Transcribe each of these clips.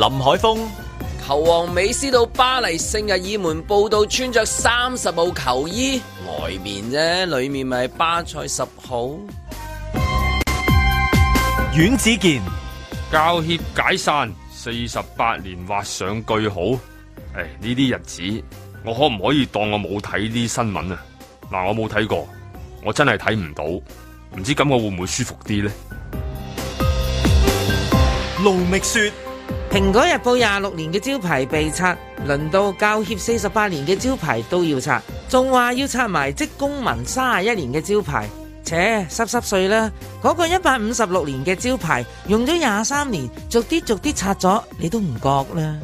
林海峰，球王美斯到巴黎聖日耳門報道，穿着三十號球衣，外面啫，裏面咪巴塞十號。阮子健，教協解散四十八年畫上句號。誒，呢啲日子我可唔可以當我冇睇啲新聞啊？嗱，我冇睇過，我真係睇唔到，唔知咁我會唔會舒服啲呢？盧覓雪蘋果日報廿六年嘅招牌被拆，輪到教協四十八年嘅招牌都要拆，仲話要拆埋職工盟卅一年嘅招牌，扯濕濕碎啦！嗰、那個一百五十六年嘅招牌用咗廿三年，逐啲逐啲拆咗，你都唔覺啦。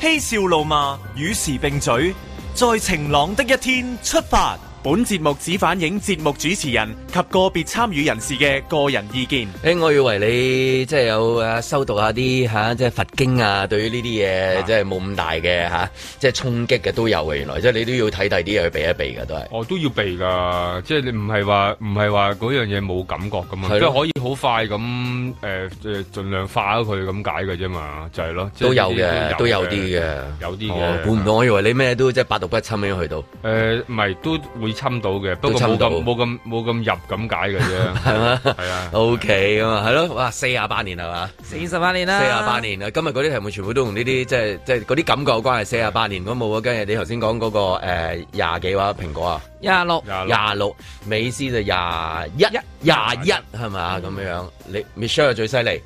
嬉笑怒罵，與時並嘴，在晴朗的一天出發。本節目只反映節目主持人及個別參與人士嘅個人意見。誒、欸，我以為你即係有誒、啊、修讀一下啲吓、啊，即係佛經啊，對於呢啲嘢即係冇咁大嘅吓，即係衝擊嘅都有嘅。原來即係你都要睇第啲嘢去避一避嘅都係。我、哦、都要避噶，即係你唔係話唔係話嗰樣嘢冇感覺噶嘛，即係可以好快咁誒即盡量化咗佢咁解嘅啫嘛，就係、是、咯。都有嘅、就是，都有啲嘅，有啲嘅。估唔到，我以為你咩都即係百毒不侵咁樣去到。誒、呃，唔係都會。侵到嘅，不過冇咁冇咁冇咁入咁解嘅啫，係 嘛？係啊，O K 啊，係咯、okay,，哇，四十八年係嘛？四十八年啦，四十八年啊，今日嗰啲題目全部都同呢啲即係即係嗰啲感覺有關係。四、那個那個呃、十八年都冇啊，跟住你頭先講嗰個誒廿幾話蘋果啊，廿六廿六，美斯就廿一廿一係咪？咁樣樣，你 Michelle 最犀利。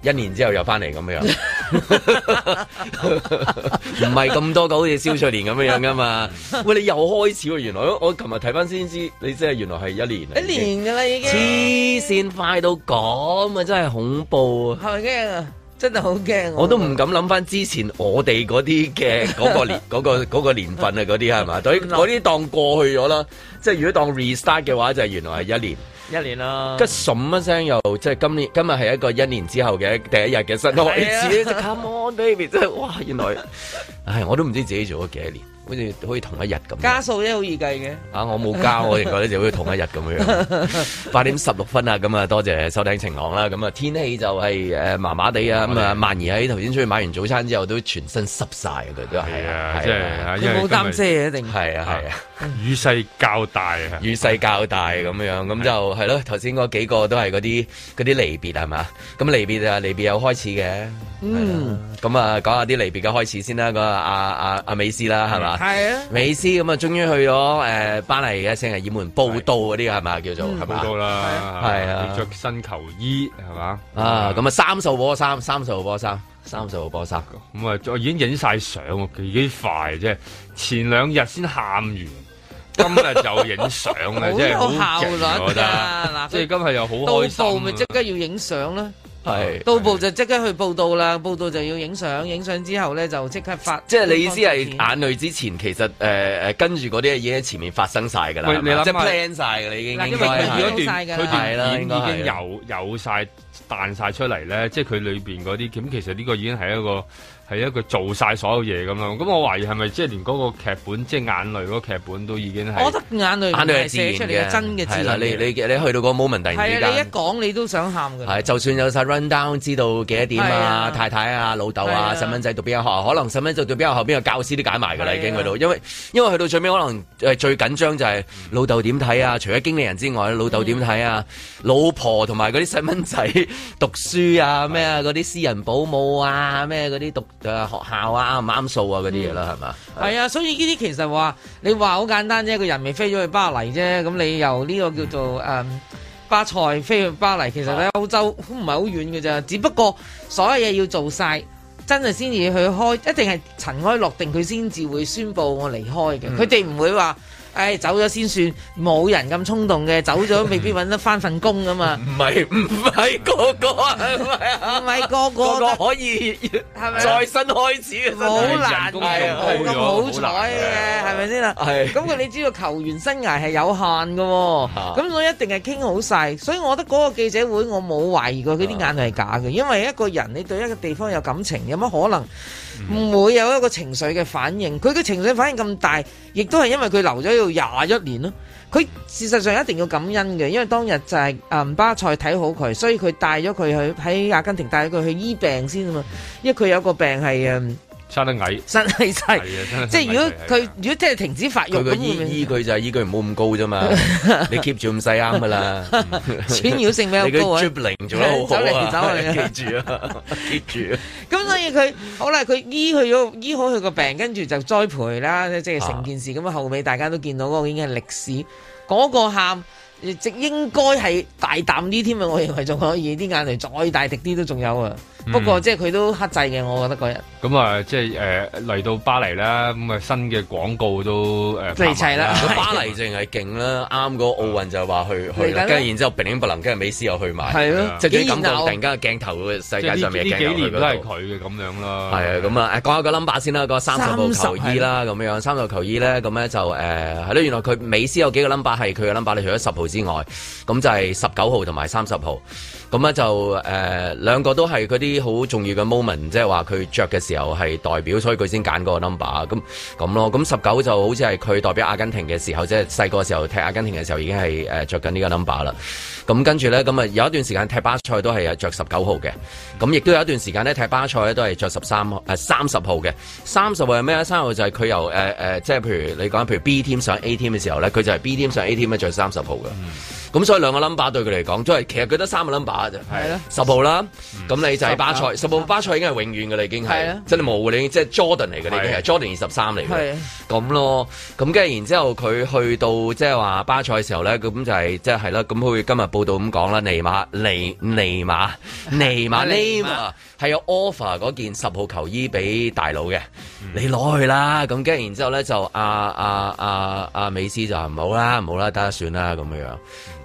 一年之後又翻嚟咁樣 唔係咁多，唔係咁多個好似肖翠蓮咁樣噶嘛？喂，你又開始喎！原來我我琴日睇翻先知，你即係原來係一年。一年噶啦，已經黐線快到咁啊！真係恐怖啊！係咪驚啊？真係好驚！我都唔敢諗翻之前我哋嗰啲嘅嗰個年嗰個嗰個年份啊，嗰啲係嘛？嗰啲嗰啲當過去咗啦。即係如果當 restart 嘅話，就係原來係一年。一年啦，跟住什麼聲又即係今年今日係一個一年之後嘅第一日嘅新開始，即、 hey, Come on baby，即係哇，原來唉、 哎、我都唔知自己做咗幾多年。好似好似同一日咁，加數啫，好易計嘅。啊，我冇加，我哋覺得就好似同一日咁樣。八 點十六分啊，咁、嗯、啊，多謝收聽晴朗啦。咁、嗯、啊，天氣就係誒麻麻地啊，咁、嗯、啊，萬兒喺頭先出去買完早餐之後，都全身濕晒。佢都係啊，即係冇擔遮啊，一定係啊，係啊，雨勢、啊、較大，較大 啊，雨勢較大咁樣，咁就係咯。頭先嗰幾個都係嗰啲啲離別係嘛？咁離別啊，離別有開始嘅。嗯，咁啊，講下啲離別嘅開始先啦。個阿阿阿美斯啦，係嘛？嗯係、呃嗯、啊，美斯咁啊，終於去咗誒，巴黎嘅聖日耳門報道嗰啲係嘛，叫做係報道啦，係啊，着新球衣係嘛，啊，咁啊，三十號波衫，三十號波衫，三十號波衫。咁啊，已經影晒相，幾快 啊，啊，即係前兩日先喊完，今日就影相咧，即係好效率啊，即係今日又好開心了，到咪即刻要影相啦。係，到步就即刻去報道啦，報道就要影相，影相之後咧就即刻發。即係你意思係眼淚之前，其實誒誒、呃、跟住嗰啲嘢喺前面發生晒㗎啦。即 plan 曬㗎，你已經嗱，因為如果段佢段片已經有有曬彈晒出嚟咧，即係佢裏邊嗰啲咁，其實呢個已經係一個。係一個做晒所有嘢咁樣，咁我懷疑係咪即係連嗰個劇本，即係眼淚嗰個劇本都已經係。我覺得眼淚眼淚係寫出嚟嘅真嘅字啦。你你，你去到嗰個 moment 突然間你一講你都想喊嘅。就算有晒 run down，知道幾多點啊？太太啊，老豆啊，細蚊仔讀比較學？可能細蚊仔讀比較學後，後邊個教師都解埋㗎啦，已經去到，因為因為去到最尾，可能最緊張就係老豆點睇啊？嗯、除咗經理人之外，老豆點睇啊、嗯？老婆同埋嗰啲細蚊仔讀書啊？咩嗰啲私人保姆啊？咩嗰啲讀？學校啊，啱唔啱數啊嗰啲嘢啦，係嘛？係啊，所以呢啲其實話你話好簡單啫，一個人未飛咗去巴黎啫，咁你由呢個叫做誒、嗯、巴塞飛去巴黎，其實喺歐洲都唔係好遠嘅咋。啊、只不過所有嘢要做晒，真係先至去開，一定係塵埃落定佢先至會宣布我離開嘅。佢哋唔會話。誒、哎、走咗先算，冇人咁衝動嘅，走咗未必搵得翻份工噶嘛。唔係唔係個個是是啊，唔係個個,個個可以，係咪、啊？再新開始，好難嘅，好、啊啊啊啊、難嘅，係咪先啦？係、啊。咁佢你知道球員生涯係有限嘅，咁 我一定係傾好晒，所以我覺得嗰個記者會，我冇懷疑過佢啲眼淚係假嘅，因為一個人你對一個地方有感情，有乜可能？唔會有一個情緒嘅反應，佢嘅情緒反應咁大，亦都係因為佢留咗要廿一年咯。佢事實上一定要感恩嘅，因為當日就係啊巴塞睇好佢，所以佢帶咗佢去喺阿根廷帶咗佢去醫病先啊嘛，因為佢有個病係啊差得矮，真係細，即係如果佢如果即係停止發育，佢個醫醫佢就係醫佢唔好咁高啫嘛， 你 keep 住咁細啱噶啦，錢 擾性咩咁高啊？ 你好啊走嚟走去記 記，記住啊，住。咁所以佢好啦，佢醫佢咗，醫好佢個病，跟住就栽培啦，即係成件事。咁啊，後尾大家都見到嗰個已經係歷史，嗰、那個喊即應該係大膽啲添啊！我認為仲可以，啲眼淚再大滴啲都仲有啊！不過即係佢都克制嘅，我覺得嗰日。咁、嗯、啊，即係誒嚟到巴黎啦，咁啊新嘅廣告都誒嚟齊啦。巴黎淨係勁啦，啱個奧運就話去去啦，跟住然之後兵不能跟住美斯又去埋。係咯，即係感覺突然間鏡頭世界上面嘅鏡頭。呢幾年都係佢嘅咁樣咯。係啊，咁啊，誒、嗯，講下個 number 先啦，個三十號球衣啦，咁樣三十號球衣咧，咁咧、嗯、就誒係咧，原來佢美斯有幾個 number 係佢嘅 number，你除咗十號之外，咁就係十九號同埋三十號。咁咧就誒、呃、兩個都係嗰啲好重要嘅 moment，即係話佢着嘅時候係代表，所以佢先揀嗰個 number 咁咁咯。咁十九就好似係佢代表阿根廷嘅時候，即係細個時候踢阿根廷嘅時候已經係着緊呢個 number 啦。咁跟住咧，咁啊有一段時間踢巴塞都係着十九號嘅。咁亦都有一段時間咧踢巴塞咧都係着十三誒三十號嘅。三十號係咩三號就係佢由誒誒，即、呃、係、呃就係、譬如你講，譬如 B team 上 A team 嘅時候咧，佢就係 B team 上 A team 咧着三十號嘅。咁所以兩個 number 對佢嚟講，即係其實佢得三個 number 啫，十號啦。咁、嗯、你就喺巴塞，十、嗯、號,號巴塞已經係永遠㗎啦，已經係，真係冇嘅，已經即係 Jordan 嚟嘅，呢啲係 Jordan 二十三嚟嘅，咁咯。咁跟住然之後佢去到即係話巴塞嘅時候咧，咁就係即係係啦。咁、就、佢、是、今日報道咁講啦，尼瑪尼尼瑪尼馬尼馬。係有 offer 嗰件十號球衣俾大佬嘅，你攞去啦。咁跟住然之後咧就阿阿阿阿美斯就唔好啦，唔好啦，得算啦咁樣。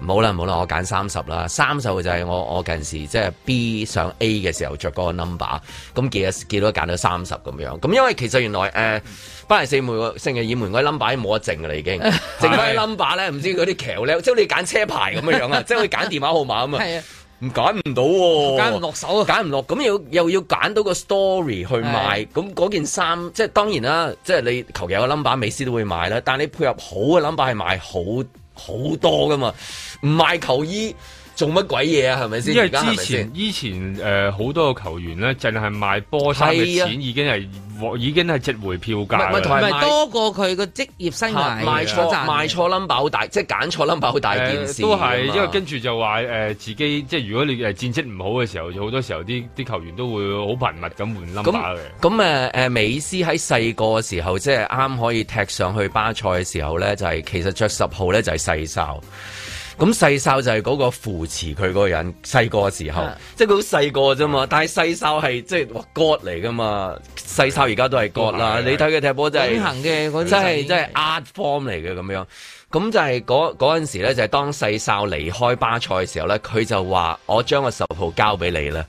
唔好啦，唔好啦，我揀三十啦。三十就係我我近時即係、就是、B 上 A 嘅時候着嗰個 number。咁幾多幾多揀到三十咁樣。咁因為其實原來誒巴黎四門星期二門嗰個 number 冇得剩嘅啦，已經剩翻 number 咧，唔 知嗰啲橋咧，即係你揀車牌咁樣樣啊，即係揀 電話號碼啊嘛。 唔揀唔到喎，揀唔落手啊！揀唔落，咁要又要揀到個 story 去賣，咁嗰件衫即係當然啦，即係你球衣有個 number，美斯都會買啦。但係你配合好嘅 number 係賣好好多噶嘛，唔賣球衣。做乜鬼嘢啊？係咪先？因為之前，之前誒，好、呃、多個球員咧，淨係賣波衫嘅錢，已經係、啊、已經係值回票價，同埋多過佢個職業生涯、啊賣錯啊賣錯，賣錯賣錯 number 好大，即係揀錯 number 好大件事、呃。都係，因為跟住就話誒、呃，自己即係如果你誒戰績唔好嘅時候，好多時候啲啲球員都會好頻密咁換 number 嘅。咁誒，誒、呃，美斯喺細個嘅時候，即係啱可以踢上去巴塞嘅時候咧，就係、是、其實着十號咧就係細哨。咁細哨就係嗰個扶持佢個人，細個時候，即係佢好細個啫嘛。但係細哨係即係 God 嚟噶嘛，細哨而家都係 God 啦。你睇佢踢波真係，真係真係 art form 嚟嘅咁樣。咁就係嗰嗰陣時咧，就係、是、當細哨離開巴塞嘅時候咧，佢就話我將個十號交俾你啦。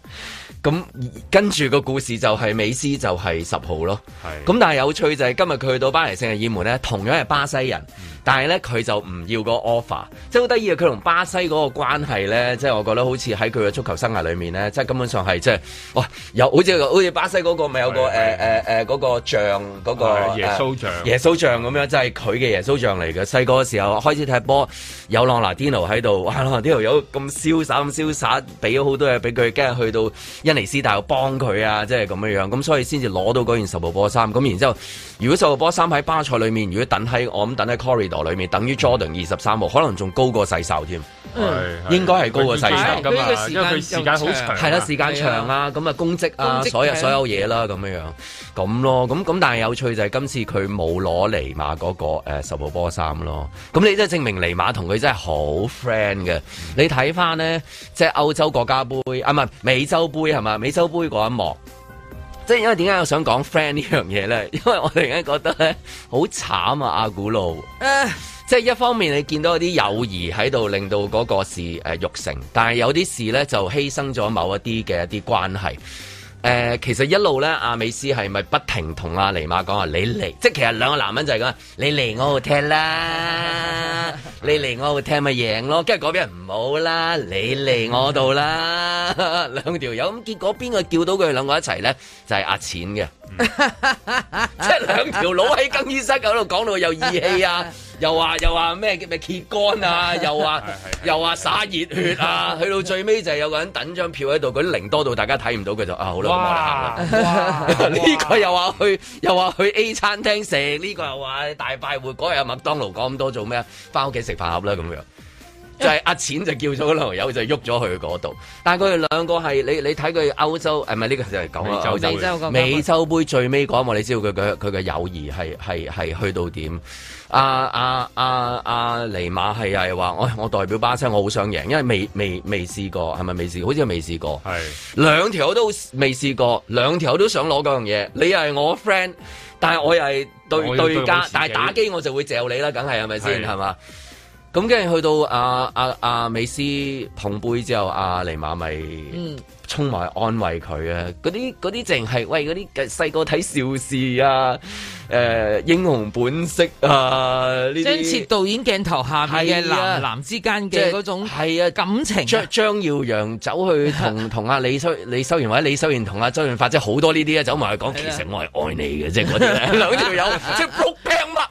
咁跟住個故事就係美斯就係十號咯。咁，但係有趣就係今日佢去到巴黎聖日耳門咧，同樣係巴西人，嗯、但係咧佢就唔要個 offer，即係好得意嘅，佢同巴西嗰個關係咧，即係我覺得好似喺佢嘅足球生涯裏面咧，即係根本上係即係哇，有好似好似巴西嗰、那個咪有個誒誒誒嗰個像嗰、那個耶穌像、呃、耶穌像咁樣，即係佢嘅耶穌像嚟嘅。細個嘅時候開始踢波，有朗拿天奴喺度，哇！朗拿天奴有咁瀟灑咁瀟灑，俾咗好多嘢俾佢，跟日去到尼斯大有幫佢啊，即係咁樣樣，咁所以先至攞到嗰件十號波衫。咁然之後，如果十號波衫喺巴塞裏面，如果等喺我諗等喺 corridor 裏面，等於 Jordan 二十三號，嗯，可能仲高過細手添，應該係高過細手噶嘛，因為佢時間好長，係啦，時間長啊，咁啊，功績啊、啊、啊，所有所有嘢啦，啊，咁樣樣，咁咯，咁咁，但係有趣就係今次佢冇攞尼馬嗰，那個誒、呃、十號波衫咯。咁你即係證明尼馬同佢真係好 friend 嘅。你睇翻呢即係歐洲國家杯啊，唔係美洲杯係。嗯是同埋美洲杯嗰一幕，即係因為點解我想講 friend 呢樣嘢咧？因為我突然間覺得咧好慘啊！阿古路，啊、即係一方面你見到有啲友誼喺度令到嗰個事誒玉、呃、成，但係有啲事咧就犧牲咗某一啲嘅一啲關係。誒，其實一路咧，阿美斯係咪不，不停同阿尼馬講話？你嚟，即係其實兩個男人就係咁，你嚟我度聽啦，你嚟我度聽咪贏咯。跟住嗰邊唔好啦，你嚟我度啦，兩條友咁，結果邊個叫到佢兩個一齊咧，就係呃錢嘅。 即係兩條佬喺更衣室度講到有義氣啊，又話又話咩咩揭竿啊，又話 又話灑熱血啊， 去到最尾就係有個人等張票喺度，嗰啲零多到大家睇唔到，佢就啊好啦，呢 哇 個又話去又話去 A 餐廳食，呢、這個又話大快活，嗰日麥當勞講咁多做咩啊？翻屋企食飯盒啦咁、嗯、樣。就係、是、阿錢就叫咗個老友就喐咗去嗰度，但係佢哋兩個係你你睇佢歐洲誒唔係呢個就係九啊美洲，洲美洲杯最尾嗰一幕，你知道佢佢佢嘅友誼係係係去到點啊啊啊阿、啊、尼馬係係話我我代表巴西，我好想贏，因為未未未試過係咪未試，過是是未試過？好似未試過係兩條都未試過兩條都想攞嗰樣嘢。你又係我 friend，但係我又係對對家，但係打機我就會嚼你啦，梗係係咪先係嘛？是咁跟住去到阿阿阿美斯捧杯之後阿、啊、尼瑪咪衝埋安慰佢、嗯就是、啊！啲啲淨係喂啲細個睇邵氏啊，誒英雄本色啊，呢張徹導演鏡頭下係啊男男之間嘅種係啊感情啊，張、啊就是啊、張耀揚走去同同阿李修李修賢或者李修賢同阿周潤發即係好多呢啲啊，走埋去講，其實我係愛你嘅，即係嗰啲兩條友即係六 p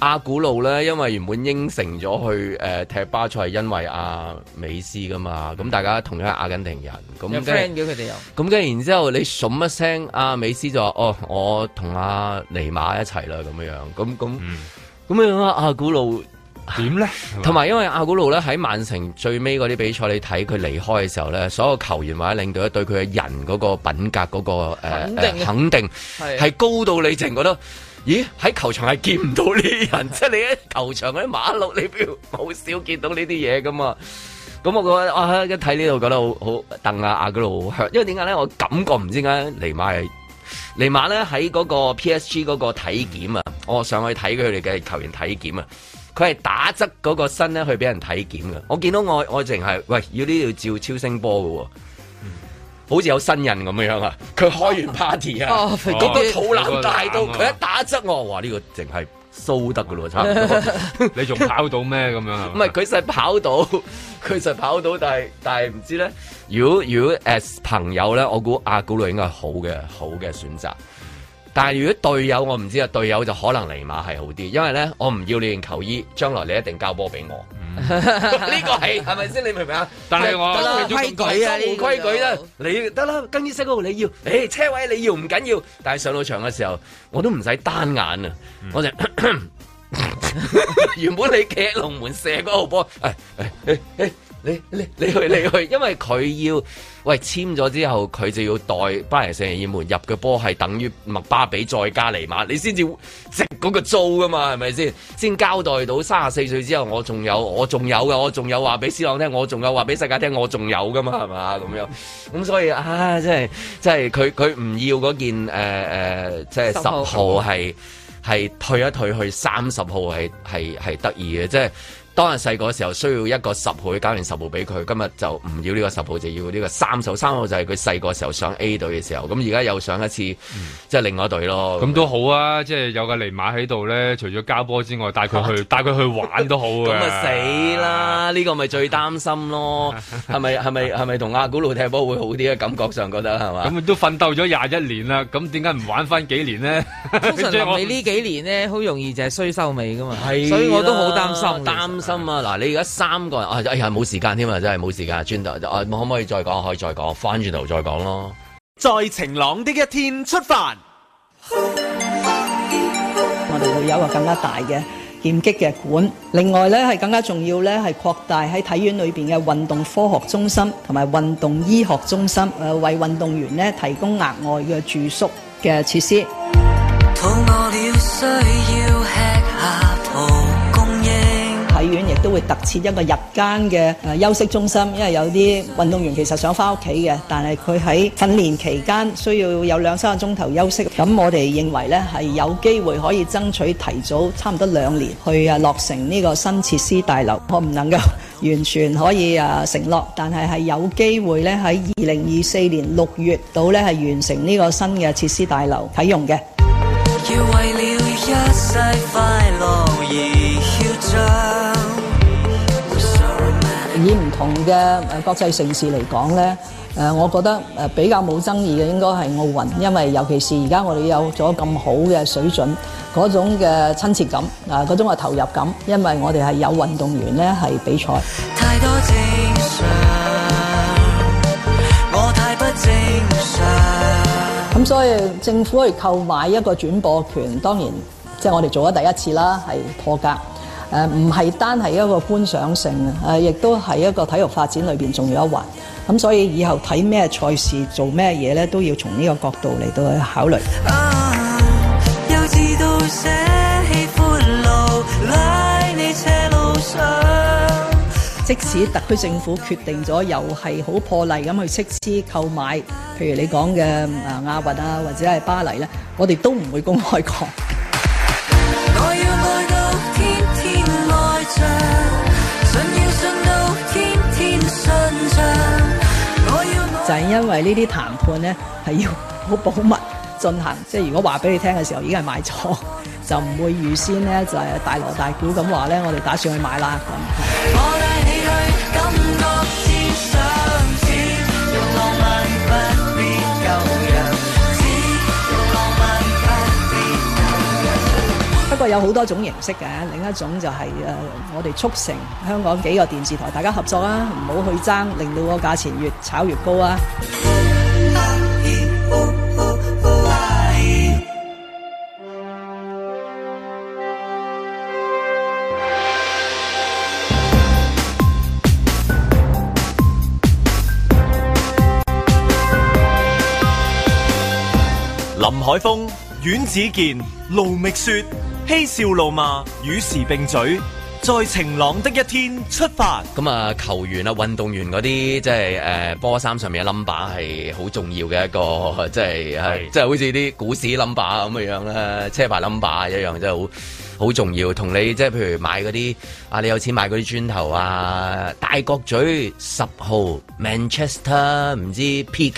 阿古路咧，因為原本應承咗去誒、呃、踢巴塞，因為阿、啊、美斯噶嘛，咁、嗯、大家同樣係阿根廷人，咁 f 佢哋咁跟然之後你冧一聲，阿、啊、美斯就話哦，我同阿、啊、尼馬一齊啦，咁樣樣，咁咁，咁樣、嗯、阿古路點咧？同埋因為阿古路咧喺曼城最尾嗰啲比賽，你睇佢離開嘅時候咧，所有球員或者領隊對佢嘅人嗰個品格嗰、那個誒、呃、肯定係係、呃、高到你淨覺得。咦、欸，喺球場係見唔到呢人，即係你喺球場喺馬路，你不好少見到呢啲嘢噶嘛？咁我覺得，啊一睇呢度覺得好好鄧啊阿嗰度，因為點解咧？我感覺唔知點解尼馬係尼馬咧喺嗰個 PSG 嗰個體檢啊，我上去睇佢哋嘅球員體檢啊，佢係打側嗰個身咧去俾人體檢啊。我見到我我淨係喂要呢度照超聲波噶。好似有新人咁樣啊！佢開完 party、 哦那個哦那個，啊，嗰個肚腩大到，佢一打側我哇呢，這個淨係蘇得噶咯，差唔多。 你仲跑到咩咁樣？唔係佢實跑到，佢實跑到，但係但係唔知咧。如果如果 as 朋友咧，我估阿古路應該係好嘅好嘅選擇。但係如果隊友我，我唔知啊。隊友就可能尼馬係好啲，因為咧我唔要你件球衣，將來你一定交波俾我。嗯呢 個係係咪先？你明唔明啊？但係我規矩啊，規矩啦、啊，你得啦，更衣室嗰度你要，誒、哎、車位你要唔緊要，但係上到場嘅時候，我都唔使單眼啊、嗯，我就 原本你企喺龍門射嗰個波，誒誒誒。哎哎你你你去你去，因為佢要喂簽咗之後，佢就要代巴黎聖日耳曼入嘅波係等於麥巴比再加尼馬，你先至值嗰個租噶嘛，係咪先？先交代到三十四歲之後，我仲有我仲有嘅，我仲有話俾思朗聽，我仲有話俾世界聽，我仲有噶嘛，係嘛咁樣？咁所以啊，即係即係佢佢唔要嗰件誒誒，即係十號係係退一退去三十號係係係得意嘅，即係。當佢細個嘅時候需要一個十號，去交完十號俾佢，今日就唔要呢個十號，就要呢個三號。三號就係佢細個時候上 A 隊嘅時候，咁而家又上一次，嗯、即係另外一隊咯。咁都好啊，即係有個尼馬喺度咧，除咗交波之外，帶佢去帶佢、啊、去玩都好啊。咁啊死啦！呢個咪最擔心咯。係咪係咪係咪同阿古路踢波會好啲嘅？感覺上覺得係嘛？咁都奮鬥咗廿一年啦，咁點解唔玩翻幾年呢？通常落嚟呢幾年呢，好容易就係衰收尾噶嘛。係，所以我都好擔心。擔心。擔心啊，嗱，你而家三個人，哎呀，冇時間添啊，真係冇時間。轉頭，可唔可以再講？可以再講，翻轉頭再講咯。在晴朗的一天出發， 我哋會有一個更加大嘅劍擊嘅館。另外咧，係更加重要咧，係擴大喺體院裏邊嘅運動科學中心同埋運動醫學中心，誒，為運動員呢提供額外嘅住宿嘅設施。肚餓了，需 要樂體院亦都會特設一個日間嘅誒休息中心，因為有啲運動員其實想翻屋企嘅，但係佢喺訓練期間需要有兩三個鐘頭休息。咁我哋認為呢係有機會可以爭取提早差唔多兩年去啊，落成呢個新設施大樓。我唔能夠完全可以誒承諾，但係係有機會呢喺二零二四年六月到呢係完成呢個新嘅設施大樓啟用嘅。要為了一世快樂而以唔同嘅誒國際城市嚟講呢誒，我覺得誒比較冇爭議嘅應該係奧運，因為尤其是而家我哋有咗咁好嘅水準，嗰種嘅親切感啊，嗰種嘅投入感，因為我哋係有運動員呢係比賽。太多正常，我太不正常。咁所以政府可以購買一個轉播權，當然即係、就是、我哋做咗第一次啦，係破格。誒唔係單係一個觀賞性啊！誒，亦都係一個體育發展裏邊仲有一環。咁所以以後睇咩賽事、做咩嘢咧，都要從呢個角度嚟到去考慮，啊露你路上。即使特區政府決定咗，又係好破例咁去斥資購買，譬如你講嘅誒亞運啊，或者係巴黎咧，我哋都唔會公開講。就係、因為這些談呢啲談判咧，係要好保密進行，即係如果話俾你聽嘅時候，已經係買錯，就唔會預先咧就係、是、大鑼大鼓咁話咧，我哋打算去買啦咁。不過有好多種形式嘅，另一種就係誒，我哋促成香港幾個電視台大家合作啦，唔好去爭，令到個價錢越炒越高啊！林海峰、阮子健、盧覓雪。嬉笑怒罵，與時並嘴，在晴朗的一天出發。咁啊，球員啊，運動員嗰啲即係誒波衫上面嘅 number 係好重要嘅一個，即係係即係好似啲股市 number 咁嘅樣啦，車牌 number 一樣，真係好。好重要，同你即係譬如買嗰啲啊，你有錢買嗰啲磚頭啊，大角咀十號 Manchester 唔知 Peak，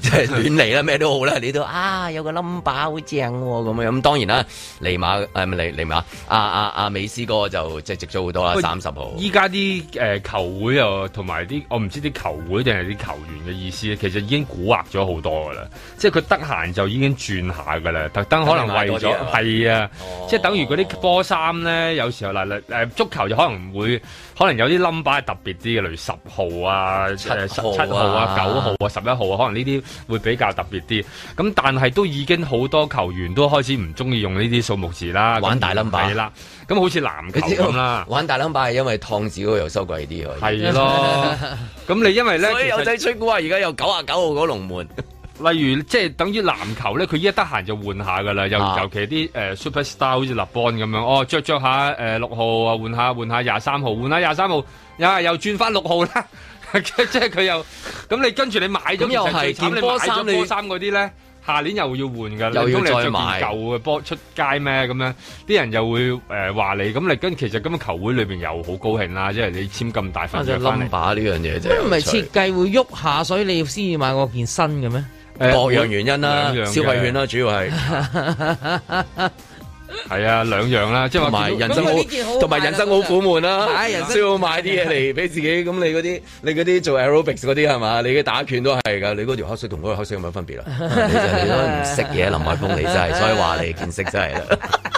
即係亂嚟啦，咩都好啦，你都啊有個 number 好正喎咁樣。咁當然啦，尼馬誒唔係尼尼馬，啊啊啊美斯哥就即係值咗好多啦，三十號。依家啲誒球會啊同埋啲，我唔知啲球會定係啲球員嘅意思，其實已經蠱惑咗好多噶啦，即係佢得閒就已經轉下噶啦，特登可能為咗係啊，是啊哦、即係等於。啲波衫咧，有時候嗱，誒、啊啊、足球就可能會可能有啲 number 係特別啲嘅，例如十號啊、七號、啊、七、呃、號啊、九號啊、十一號啊，可能呢啲會比較特別啲。咁但係都已經好多球員都開始唔中意用呢啲數目字啦，玩大 number 啦。咁、嗯、好似籃球咁啦，玩大 number 係因為燙字嗰個又收貴啲、啊。係咯，咁 你因為咧， 所以有仔吹鼓啊，而家有九啊九號嗰龍門。例如即係等於籃球咧，佢依家得閒就換下噶啦，尤其、啊、尤其啲誒、呃、super star 好似立邦咁樣，哦穿着着、呃、下誒六號啊換下換下廿三號，換下廿三號，又係又轉翻六號啦， 即係佢又咁，你跟住你買咗件波衫，你波衫嗰啲咧，下年又要換噶，如果你着件舊嘅波出街咩咁樣，啲人又會誒話、呃、你咁你跟其實咁嘅球會裏邊又好高興啦，即係你簽咁大份 number 呢樣嘢，咁唔係設計會喐下，所以你要先至買個件新嘅咩？各樣原因啦、啊，消費券啦、啊，主要係，係 啊，兩樣啦，即係同埋人生好，同埋人生好苦悶啦、啊，人、啊、需要買啲嘢嚟俾自己。咁 你嗰啲，你啲做 aerobics 嗰啲係嘛？你嘅打拳都係噶，你嗰條口水同嗰條口水有冇分別啊？ 你都唔識嘢，林海峰，你真係、 就是，所以話你見識真係。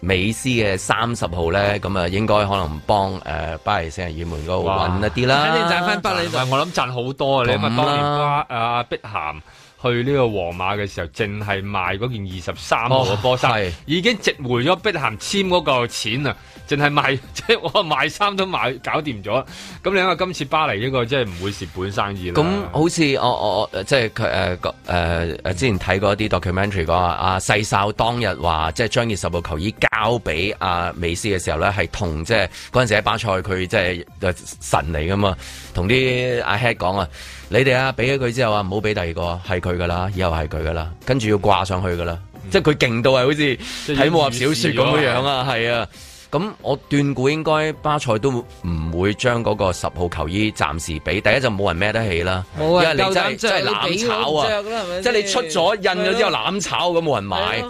美斯嘅三十號咧，咁啊應該可能幫誒、呃、巴黎聖日耳門嗰度搵一啲啦。肯定賺翻巴黎，我諗賺好多。你咁啊，問當年阿、啊啊、碧咸去呢個皇馬嘅時候，淨係賣嗰件二十三號嘅波衫，已經值回咗碧咸簽嗰個錢啊！淨係賣即係我賣衫都賣搞掂咗，咁你因為今次巴黎呢、呢個即係唔會蝕本生意啦。咁好似我我即係佢誒誒誒之前睇過一啲 documentary 講啊，阿細哨當日話即係將二十號球衣交俾阿、啊、美斯嘅時候咧，係同即係嗰陣時喺巴塞佢即係神嚟噶嘛，同啲阿 head 講啊。你哋啊，俾咗佢之後啊，唔好俾第二個，係佢噶啦，以後係佢噶啦，跟住要掛上去噶啦，嗯，即係佢勁到係好似睇武俠小說咁樣樣啊，係啊。咁我斷估應該巴塞都唔會將嗰個十號球衣暫時俾，第一就冇人孭得起啦，因為你真係攬炒啊，即係你出咗印咗之後攬炒咁，冇人買，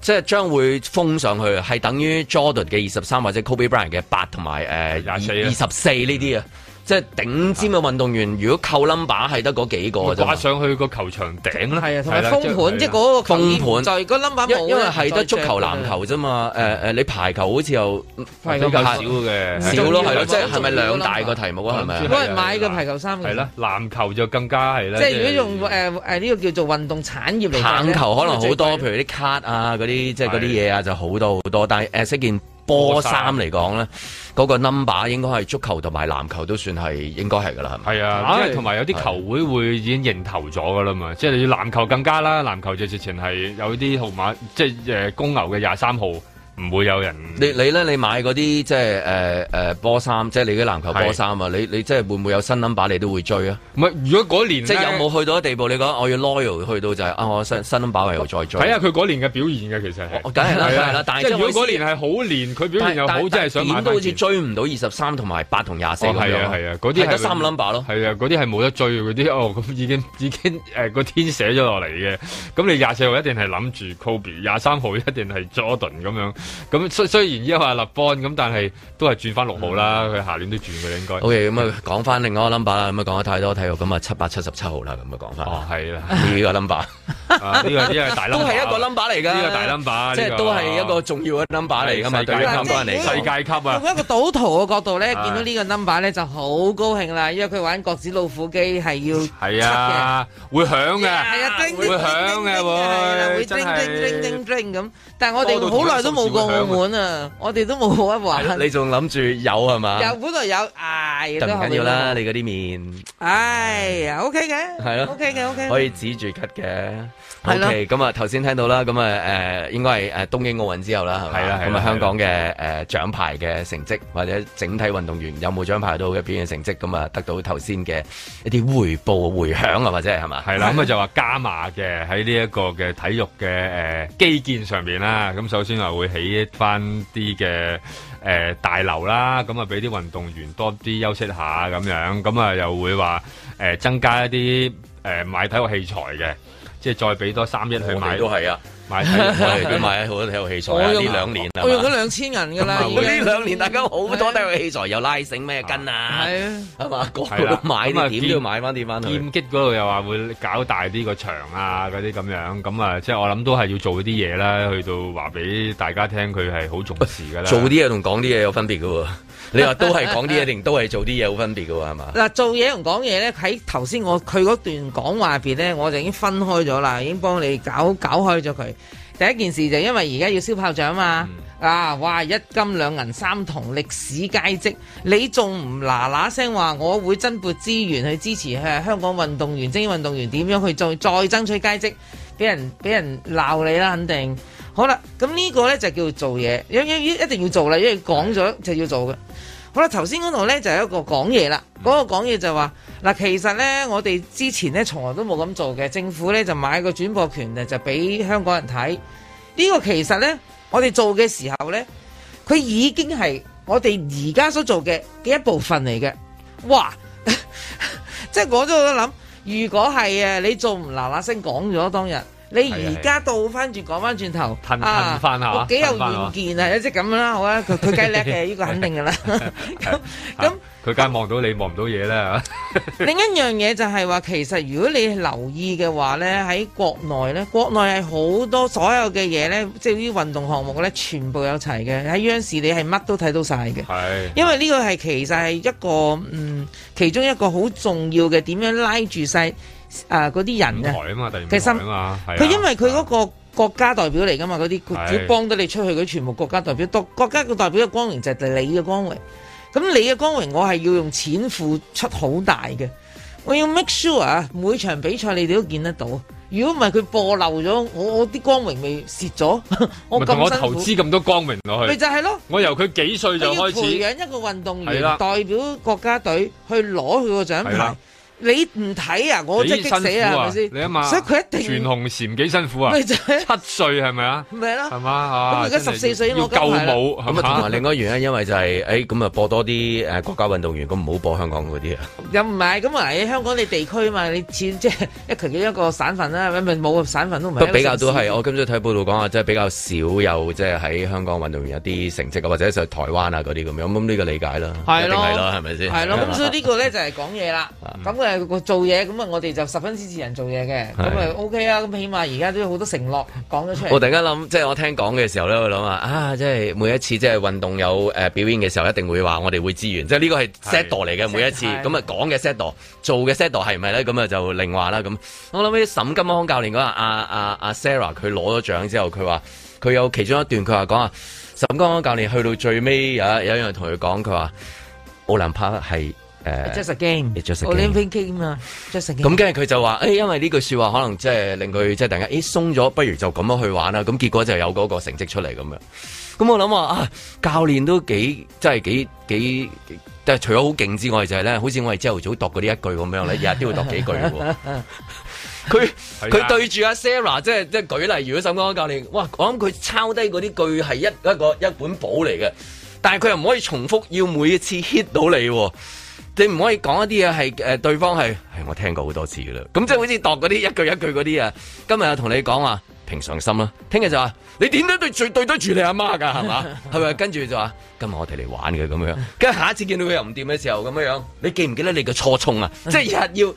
即係將會封上去，係等於 Jordan 嘅二十三或者 Kobe Bryant 嘅八同埋誒二二十四呢啲啊。呃即係頂尖嘅運動員，如果扣 number 係得嗰幾個啫，掛上去個球場頂啦，係啊，同埋封盤，即係嗰個封盤就個 number 冇啊，因為係得足球、籃球啫嘛。誒、呃、你排球好似又好比較少嘅，少咯，係咯，即係係咪兩個大個題目啊？係咪？如果係買個排球衫係啦，籃球就更加係啦，即係如果用誒呢個叫做運動產業嚟講，棒球可能好多，譬如啲 card 啊嗰啲，即係嗰啲嘢啊就好多好多。但係識件波衫嚟講咧，嗰、那個 number 應該係足球同埋籃球都算係應該係噶啦，係咪？係啊，因為同埋有啲球會會已經認投咗噶啦嘛，啊、即係你籃球更加啦，籃球就直情係有啲號碼，即係誒公牛嘅廿三號。唔會有人，你你咧，你買嗰啲即係誒誒波衫，即係你啲籃球波衫啊！你你即係會唔會有新 number 你都會追啊？唔係，如果嗰年即係有冇去到一地步，你講我要 loyal 去到就係、係、啊，哦、新我新新 number 又再追。睇下佢嗰年嘅表現嘅其實係，梗係啦，梗係啦。但係如果嗰年係好年，佢表現又好，但真係想買都好似追唔到二十三同埋八同廿四。係啊係啊，嗰啲係得三個 number 咯。係啊，嗰啲係冇得追嗰啲哦。咁已經已經誒個、呃、天寫咗落嚟嘅。咁你廿四號一定係諗住 Kobe，廿三號一定係 Jordan 咁樣。咁雖雖然依家立邦咁，但係都係轉翻六號啦。佢下年都轉嘅應該。OK 咁啊，講翻另外一個 number 啦。咁啊，講咗太多體育，咁啊，七百七十七號啦。咁啊，講翻。哦，係啦，呢個 number，呢個呢個大 number 都係一個 number 嚟嘅。呢個大 number，即係都係一個重要嘅 number 嚟噶嘛。世界級嚟，世界級啊！從一個賭徒嘅角度咧，見到呢個 number 咧就好高興啦，因為佢玩國子老虎機係要係啊，會響嘅，係啊，會響嘅會，會叮叮叮叮叮咁。但係我哋好耐都冇。澳門啊，我哋都冇啊話。你仲諗住有係嘛？有本來有，唉，唔緊要啦。你嗰啲面，唉，OK 嘅，係咯，OK 嘅，OK，可以止住咳嘅，係咯。咁啊，頭先聽到啦，咁啊，誒，應該係誒東京奧運之後啦，係嘛？係啦，咁啊，香港嘅誒獎牌嘅成績或者整體運動員有冇獎牌到嘅表現成績咁啊，得到頭先嘅一啲回報回響啊，或者係嘛？係啦，咁啊就話加碼嘅喺呢一個嘅體育嘅誒基建上面啦。咁首先啊會起。俾翻啲嘅誒大樓啦，咁啊俾啲運動員多啲休息一下咁樣，咁啊又會話誒、呃、增加一啲誒、呃、買體育器材嘅，即係再俾多三億去買，都係啊。 買體買好多體育器材啊！呢 兩年，我用咗兩千銀噶啦。呢兩 年大家好、啊、多體育器材，又拉繩咩筋啊，係嘛？嗰度、啊、買啲點、啊、都要買翻，點翻？劍擊嗰度又話會搞大啲個場 還是還是啊，嗰啲咁樣。咁啊，即係我諗都係要做啲嘢啦，去到話俾大家聽，佢係好重視噶啦。做啲嘢同講啲嘢有分別噶，你話都係講啲嘢，定都係做啲嘢，好分別噶係嘛？嗱，做嘢同講嘢咧，喺頭先我佢嗰段講話入邊咧，我就已經分開咗啦，已經幫你搞搞開咗佢。第一件事就因為而家要燒炮仗嘛、嗯，啊，哇，一金兩銀三銅歷史佳績，你仲唔嗱嗱聲話我會增撥資源去支持、啊、香港運動員精英運動員點樣去再再爭取佳績，俾人俾人鬧你啦肯定，好啦，咁呢個呢，就叫做做嘢，一一定要做啦，因為講咗就要做嘅。我哋頭先嗰度呢，就有一個講嘢啦，嗰、嗰個講嘢就話嗱，其實呢，我哋之前呢，從來都冇咁做嘅，政府呢，就買個轉播權呢就俾香港人睇，呢、呢個其實呢，我哋做嘅時候呢，佢已經係我哋而家所做嘅嘅一部分嚟嘅。哇！即 係我都有諗，如果係你做唔嗱嗱聲講咗當日。你而家倒翻轉講翻轉頭啊！我幾有遠見啊！一即係咁樣啦，好啊！佢佢計叻嘅，呢 個肯定噶啦。咁咁佢梗係望到你，望唔到嘢啦 另一樣嘢就係話，其實如果你留意嘅話咧，喺國內咧，國內係好多所有嘅嘢咧，即係啲運動項目咧，全部有齊嘅。喺央視你係乜都睇到晒嘅，啊。因為呢個係其實係一個嗯，其中一個好重要嘅點樣拉住晒。誒、啊，嗰啲人嘅、啊，其實佢、啊、因為佢嗰個國家代表嚟噶嘛，嗰啲佢只幫到你出去，佢全部國家代表，國家嘅代表嘅光榮就係你嘅光榮。咁你嘅光榮，我係要用錢付出好大嘅。我要 make sure 啊，每場比賽你哋都見得到。如果唔係佢播漏咗，我我啲光榮未蝕咗。我咁我， 我投資咁多光榮落去，咪就係、是、咯。我由佢幾歲就開始我培養一個運動員，代表國家隊去攞佢個獎牌。你唔睇啊，我真激死啊，係咪先？所以佢一定全紅嬋幾辛苦啊，七歲係咪啊？咪 咯，啊，係、啊、嘛？咁而家十四歲，要救母？咁同埋另外一原因，就是，因、哎、為就係誒，咁啊播多啲誒國家運動員，咁唔好播香港嗰啲啊。又唔係咁啊？喺香港你地區嘛，你似即係一佢一個省份啦，咁咪冇個省份都唔。比較都係，我今朝睇報道講啊，即、就、係、是、比較少有即係喺香港運動員有啲成績或者就台灣啊嗰啲咁樣。咁呢個理解咯，係咯，係咪先？係咯，咁所以呢個咧就係講嘢啦。咁、 嗯做嘢咁啊！我哋就十分支持人做嘢嘅，咁啊 O K 啊！咁起碼而家都有好多承諾講咗出嚟。我突然間諗，即係我聽講嘅時候咧，我諗啊，啊即係每一次即係運動有誒表現嘅時候，一定會話我哋會支援，即係呢個係 set do 嚟嘅。每一次咁啊講嘅 set do，做嘅 set do 係唔係咧？咁啊就另話啦。咁我諗起沈金康教練嗰個阿阿 Sarah，佢攞咗獎之後，佢話佢有其中一段，佢話講啊，沈金康教練去到最尾啊，有有一人同佢講，佢話奧林匹克係。It's、just a game，我諗 p j u s t game, came,、uh, just a game。咁跟住佢就話，誒，因為呢句說話可能即係令佢即係突然間，誒、哎、鬆咗，不如就咁樣去玩啦。咁結果就有嗰個成績出嚟咁樣。咁我諗話啊，教練都幾，即係幾幾，但係除咗好勁之外，就係、是、咧，好似我哋朝頭早讀嗰啲一句咁樣咧，日都要讀幾句。佢 佢對住阿 Sarah，即係即係舉例，如果沈光教練，哇，我諗佢抄低嗰啲句係一一個一本簿嚟嘅，但係佢又唔可以重複，要每一次 hit 到你。你唔可以講一啲嘢係誒，對方係、係我聽過好多次嘅啦。咁即係好似度嗰啲一句一句嗰啲啊，今日又同你講話。平常心啦，聽日就話你點樣對 對對得住你阿媽噶，係嘛？係咪跟住就話今日我哋嚟玩嘅咁樣，跟 住下一次見到佢又唔掂嘅時候咁樣。你記唔記得你嘅初衷啊？ 即係日要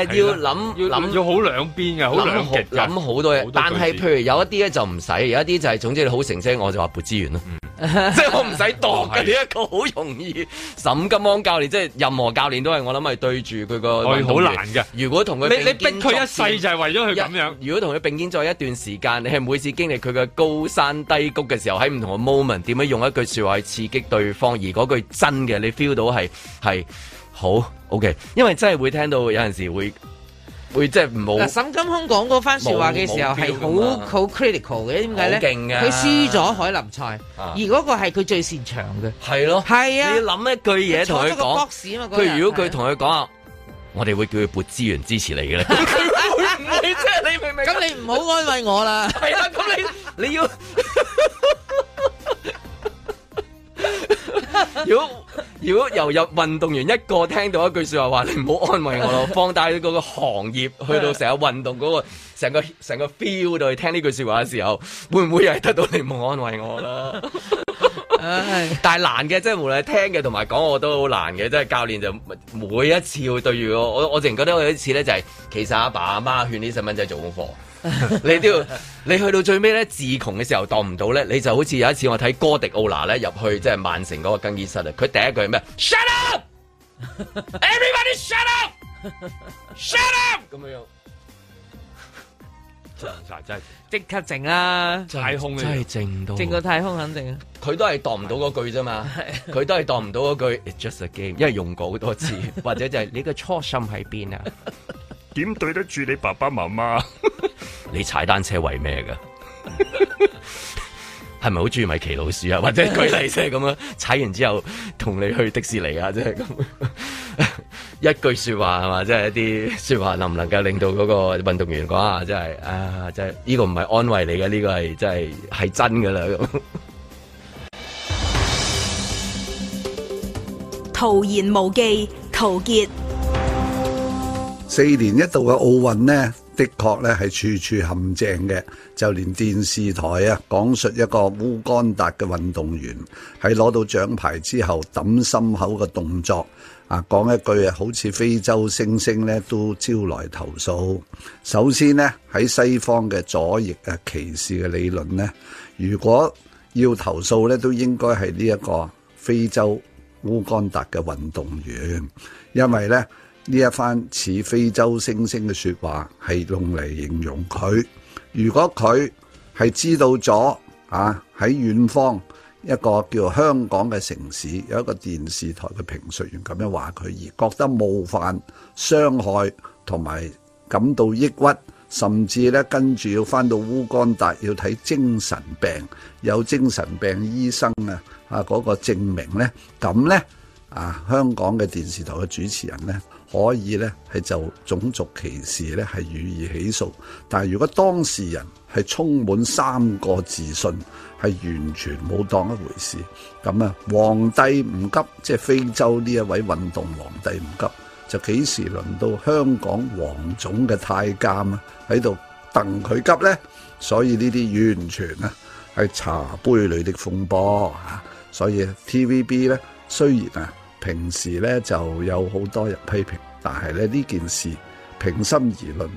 日，日要諗諗咗好兩邊嘅，諗諗好，好，好，好，好多嘢。但係譬如有一啲咧就唔使， 有一啲就係、是、總之你好成聲，我就話撥資源咯。即係我唔使度嘅一個好容易。 沈金康教練，即係任何教練都係我諗係對住佢個。我好難嘅。如果同佢你，你逼佢一世就係為咗佢咁樣。如果同佢並肩再一段時間。 時間你係每次經歷佢嘅高山低谷嘅時候，喺唔同嘅 moment 點樣用一句說話去刺激對方，而嗰句真嘅你 feel 到係係好 ok，因為真係會聽到有陣時會會即係唔好。嗱，沈金康講嗰番說話嘅時候係好好 critical 嘅，點解咧？佢輸咗海林賽，啊，而嗰個係佢最擅長嘅，係咯，係啊。你諗一句嘢同佢講，佢如果佢同佢講。我哋會叫佢撥資源支持你嘅咧，會唔會即係你明唔明，咁 你唔好安慰我啦、 啊。係啦，咁你你要 如果如果由入運動員一個聽到一句話說話話，你唔好安慰我咯。 放大佢個行業，去到成日運動嗰、嗰個成個成個 feel 度去聽呢句說話嘅時候，會唔會又係得到你唔好安慰我啦？ 係， 但係難嘅即係無論係聽嘅同埋講我都好難嘅，即係教練就每一次會對住我，我我淨覺得我有一次咧就係、是，其實阿爸阿媽勸啲細蚊仔做功課， 你都要，你去到最尾咧，自窮嘅時候當唔到咧，你就好似有一次我睇哥迪奧拿咧入去即係曼城嗰個更衣室啊，佢第一句係咩？Shut up，everybody shut up，shut up 咁樣。即刻靜啦、啊，太空了真係靜到，靜個太空肯定、啊。佢都係當唔到嗰句啫嘛，佢都係當唔到嗰句、It's just a game，因為用過好多次， 或者就係、是、你嘅初心喺邊啊？點對得住你爸爸媽媽？你踩單車為咩噶？係咪好中意米奇老鼠啊？或者舉例即係咁樣，踩完之後同你去迪士尼啊？即係咁。 一句說話係嘛，即係一啲說話，能唔能夠令到嗰個運動員講下？真係啊，真係呢個唔係安慰你嘅，呢個係真係係真嘅啦。陶言無忌，陶傑。四年一度嘅奧運呢，的確咧係處處陷阱嘅，就連電視台啊講述一個烏干達嘅運動員喺攞到獎牌之後揼心口嘅動作。啊，講一句啊，好似非洲猩猩咧都招來投訴。首先咧，喺西方嘅左翼歧視嘅理論咧，如果要投訴咧，都應該係呢一個非洲烏干達嘅運動員，因為咧呢這一番似非洲猩猩嘅說話係用嚟形容佢。如果佢係知道咗啊喺遠方。一個叫香港嘅城市，有一個電視台嘅評述員咁樣話佢，而覺得冒犯、傷害同埋感到抑鬱，甚至咧跟住要返到烏干達要睇精神病，有精神病醫生啊啊嗰個證明咧，咁咧啊香港嘅電視台嘅主持人咧可以咧係就種族歧視咧係予以起訴，但係如果當事人係充滿三個自信。係完全冇當一回事，咁啊，皇帝唔急，即係非洲呢一位運動皇帝唔急，就幾時輪到香港王總嘅太監啊喺度替佢急呢？所以呢啲完全啊係茶杯裏的風波。所以 TVB 呢，雖然啊平時呢就有好多人批評，但係咧呢件事平心而論，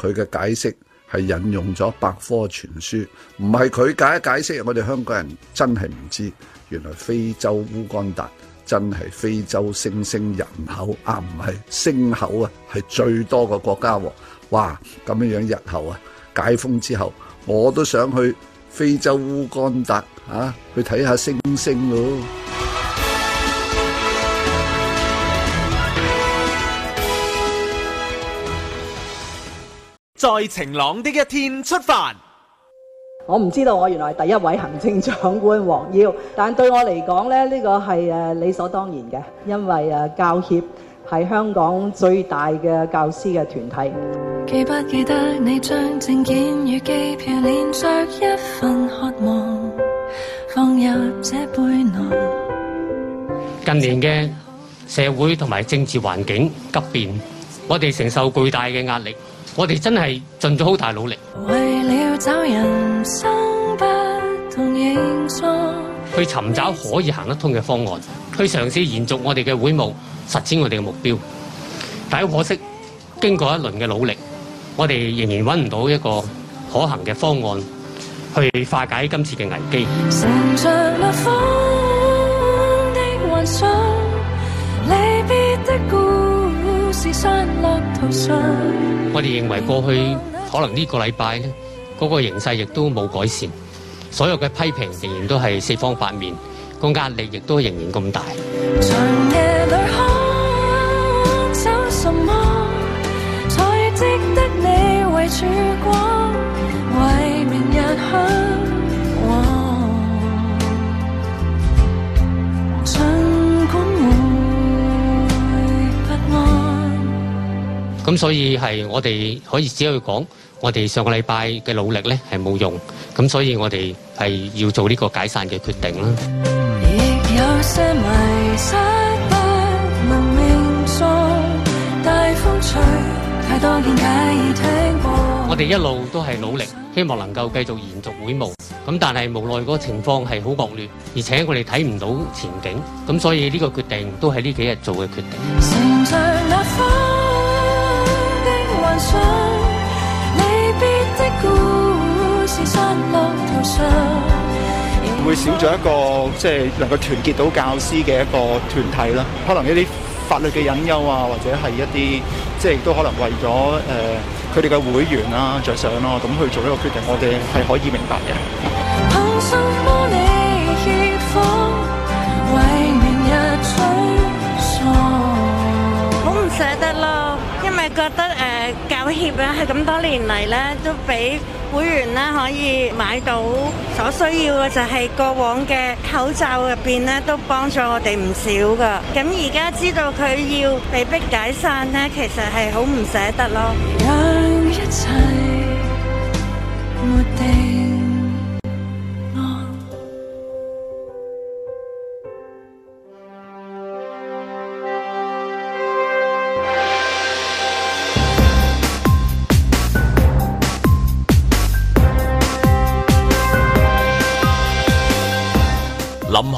佢嘅解釋。係引用咗百科全書，唔係佢解一解釋，我哋香港人真係唔知，原來非洲烏干達真係非洲星星人口啊，唔係星口啊，係最多個國家喎！啊，哇咁樣日後啊解封之後，我都想去非洲烏干達啊去睇下星星咯，啊。在晴朗的一天出發。我唔知道我原來係第一位行政長官王耀，但對我嚟講呢，呢個係誒理所當然嘅，因為誒教協係香港最大嘅教師嘅團體。記不記得你將證件與機票連著一份渴望放入這背囊。近年嘅社會同埋政治環境急變，我哋承受巨大嘅壓力。我哋真係盡咗好大努力，為了找人生不同去尋找可以行得通嘅方案，去嘗試延續我哋嘅會務，實踐我哋嘅目標。但係可惜，經過一輪嘅努力，我哋仍然搵唔到一個可行嘅方案去化解今次嘅危機。乘風的幻想，離別我哋認為過去可能呢個禮拜呢，嗰個形勢亦都冇改善，所有嘅批評仍然都係四方八面個壓力亦都仍然咁大，長夜裏看守什麼才值得你為曙光，為明日向咁所以係我哋可以只可以講，我哋上個禮拜嘅努力呢係冇用，咁所以我哋係要做呢個解散嘅決定啦。我哋一路都係努力，希望能夠繼續延續會務，咁但係無奈嗰個情況係好惡劣，而且我哋睇唔到前景，咁所以呢個決定都係呢幾日做嘅決定。會少咗一個即係、就是、能夠團結到教師嘅一個團體啦，可能一啲法律嘅隱憂啊，或者係一啲即係亦都可能為咗誒佢哋嘅會員啊着想咯，咁去做一個決定，我哋係可以明白嘅。.協咧，係咁多年嚟咧，都俾會員咧，可以買到所需要嘅，就係、是、過往嘅口罩入邊咧，都幫助我哋唔少噶。咁而家知道佢要被迫解散咧，其實係好唔捨得咯。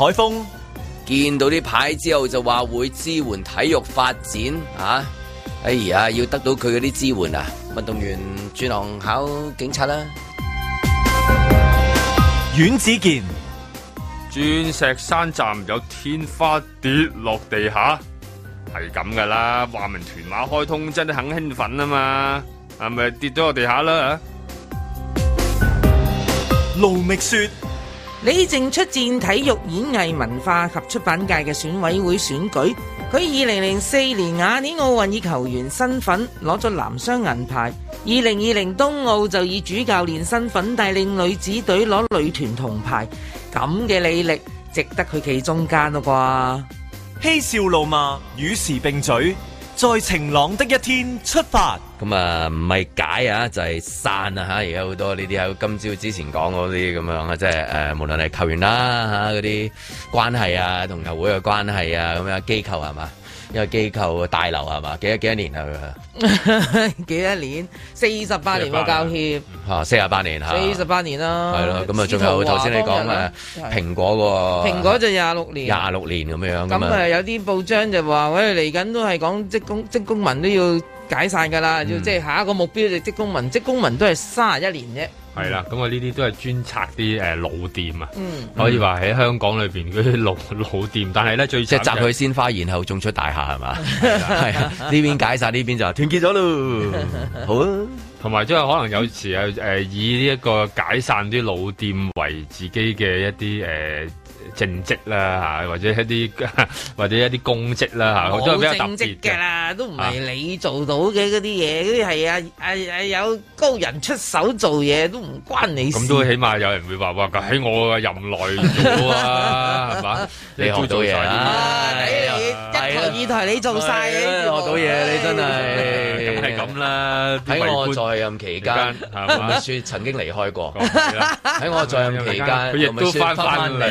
海峰見到啲牌之後就話會支援體育發展啊！哎呀，要得到佢嗰啲支援啊！運動員轉行考警察啦！阮子健，鑽石山站有天花跌落地下，係咁噶啦話明屯馬開通真係很興奮啊嘛，係咪跌咗落地下啦？盧覓雪。李靜出戰體育演藝文化及出版界嘅選委會選舉，佢二零零四年雅典奧運以球員身份攞咗男雙銀牌，二零二零東奧就以主教練身份帶領女子隊攞女團銅牌，咁嘅履歷值得佢企中間啦啩？嬉笑怒罵，與時並進。在晴朗的一天出發，咁啊唔係解啊，就係散啊，而家好多呢啲今朝之前講嗰啲咁樣啊，是就是、即係無論係球員啦，嗰啲關係啊，同球會嘅關係啊，咁樣機構係、啊、嘛？是吧。一個機構大樓係嘛？幾多幾多年啊？佢幾多年？四十八年個教協吓，四十八年吓，四十八年啦。係咯，咁啊，仲有頭先你講嘅蘋果喎，蘋果就廿六年，廿六年咁樣樣。咁啊，有啲報章就話，喂，嚟緊都係講職工職工民都要。解散噶啦，要、嗯、即係下一個目標，就係職工盟，職工盟都係卅一年啫。係啦，咁啊呢啲都係專拆啲誒老店啊、嗯，可以話喺香港裏邊嗰啲老老店。但係咧、嗯、最即係摘佢鮮花，然後種出大廈係嘛？係啊，呢 邊 是的 解散，呢 邊就團結咗咯。好啊，同埋即係可能有時啊，誒以呢一個解散啲老店為自己嘅一啲誒。呃政績啦，吓或者一啲或者一啲公職啦，吓都係比較閒職嘅啦，都唔係你做到嘅嗰啲嘢，嗰啲係啊，係係有高人出手做嘢，都唔關你。咁都起碼有人會話話喺我任內做啊，係嘛？你學到嘢啊？第一台、二台你做晒，學到嘢，你真係咁係咁啦。喺我在任期間，秘書曾經離開過。喺我在任期間，佢亦都翻翻嚟。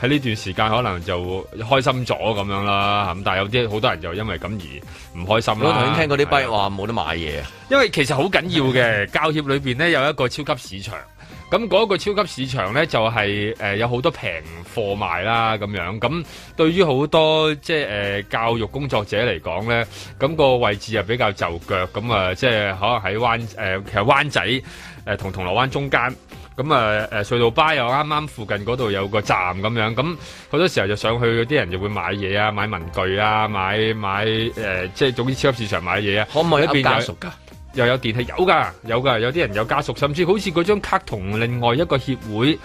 喺呢段時間可能就開心咗咁樣啦，咁但係有啲好多人就因為咁而唔開心了。我頭先聽嗰啲 b u 話冇得買嘢，因為其實好緊要嘅。 教協裏邊咧有一個超級市場，咁、那、嗰個超級市場咧就係、是、誒、呃、有好多平貨賣啦咁樣。咁對於好多即係誒教育工作者嚟講咧，咁、那個位置又比較就腳，咁、呃、啊即係可能喺灣誒、呃、其實灣仔誒同銅鑼灣中間。咁啊，誒隧道巴又啱啱附近嗰度有個站咁樣，咁好多時候就上去，啲人就會買嘢啊，買文具啊，買買誒，即、呃、係總之超級市場買嘢啊，可唔可以變家屬㗎？又有電器有噶，有噶，有啲人有家屬，甚至好似嗰張卡同另外一個協會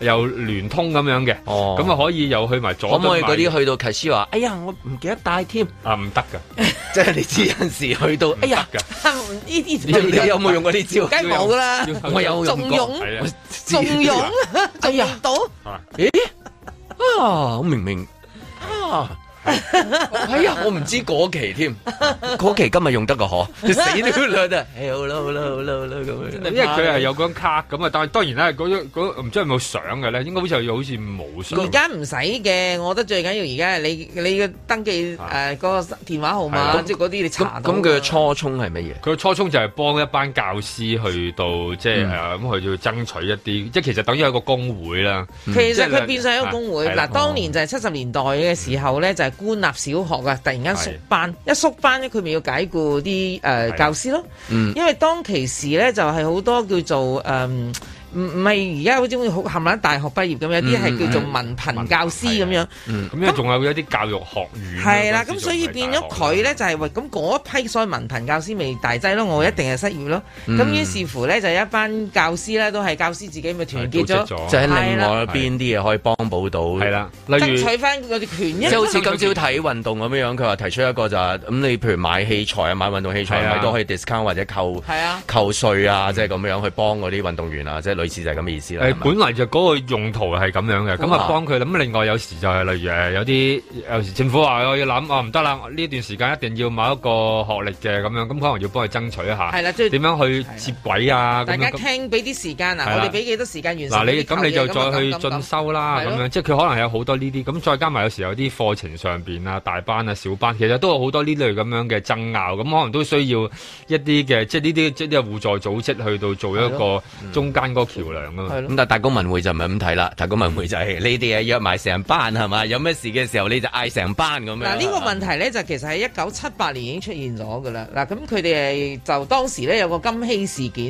有聯通咁、哦、樣嘅，咁啊可以又去埋左。可唔可以嗰啲去到 cashier 話、哎啊？ 哎呀，我唔記得帶添。啊，唔得噶，即係你知有陣時去到，哎呀，呢啲你有冇用過呢招？梗冇啦，我有仲用仲用到。咦？啊！我明明啊！啊啊 哎呀，我唔知嗰期添，嗰 期今日用得個可，你死都得，哎 好啦好啦好啦好啦咁。因為佢係有張卡咁啊， 但係當然啦，嗰張唔知係咪有相嘅咧，應該好似好似冇相。而家唔使嘅，我覺得最緊要而家係你你嘅登記誒、啊呃嗰個電話號碼、啊、即嗰啲你查咁佢嘅初衷係乜嘢？佢嘅初衷就係幫一班教師去到即係咁去要爭取一啲，即係其實等於係一個工會啦。其實佢變相一個工會嗱、啊啊，當年就係七十年代嘅時候咧、嗯，就係。官立小學啊，突然間縮班，一縮班咧，佢咪要解雇啲誒教師咯。嗯，因為當其時咧，就係好多叫做誒。嗯唔唔係而家好似好冚唪唥大學畢業咁，有啲係叫做文憑教師咁，嗯嗯，樣。咁咧仲有一啲教育學院。係啦，咁所以變咗佢咧就係，是，話，咁嗰一批所謂文憑教師咪大劑咯，我一定係失業咯。咁於是乎咧就是，一班教師咧都係教師自己咪團結咗，即，嗯，係，就是，另外一邊啲嘢可以幫補到。係啦，例如爭取翻嗰啲權益。即係，就是，好似今朝睇運動咁樣樣，佢話提出一個就係，是，咁，你譬如買器材啊，買運動器材咪都可以 discount 或者扣扣稅啊，即係咁樣去幫嗰啲運動員啊，即，就是類似就係咁嘅意思啦。本、欸、嚟就嗰個用途係咁樣嘅，咁、嗯、啊幫佢諗。咁另外有時就係例如誒，有啲有時政府話我要諗，我唔得啦，呢段時間一定要某一個學歷嘅咁樣，咁可能要幫佢爭取一下。係啦，即係點樣去接軌啊？樣大家聽，俾啲時間啊，我哋俾幾多時間完成嗱、啊？你咁你，你就再去進修啦，咁樣，樣，樣，樣，樣，樣即係佢可能有好多呢啲咁，再加埋有時有啲課程上邊啊大班啊小班，其實都有好多呢類咁樣嘅爭拗，咁可能都需要一啲嘅，即係呢啲即係互助組織去到做一個中間個。橋樑咯、啊，咁但係大公文會就唔係咁睇啦，大公文會就係、是、你哋係約埋成班係嘛，有咩事嘅時候你就嗌成班咁樣。嗱呢、呢個問題咧就其實喺一九七八年已經出現咗噶啦，嗱咁佢哋就當時咧有個金禧事件，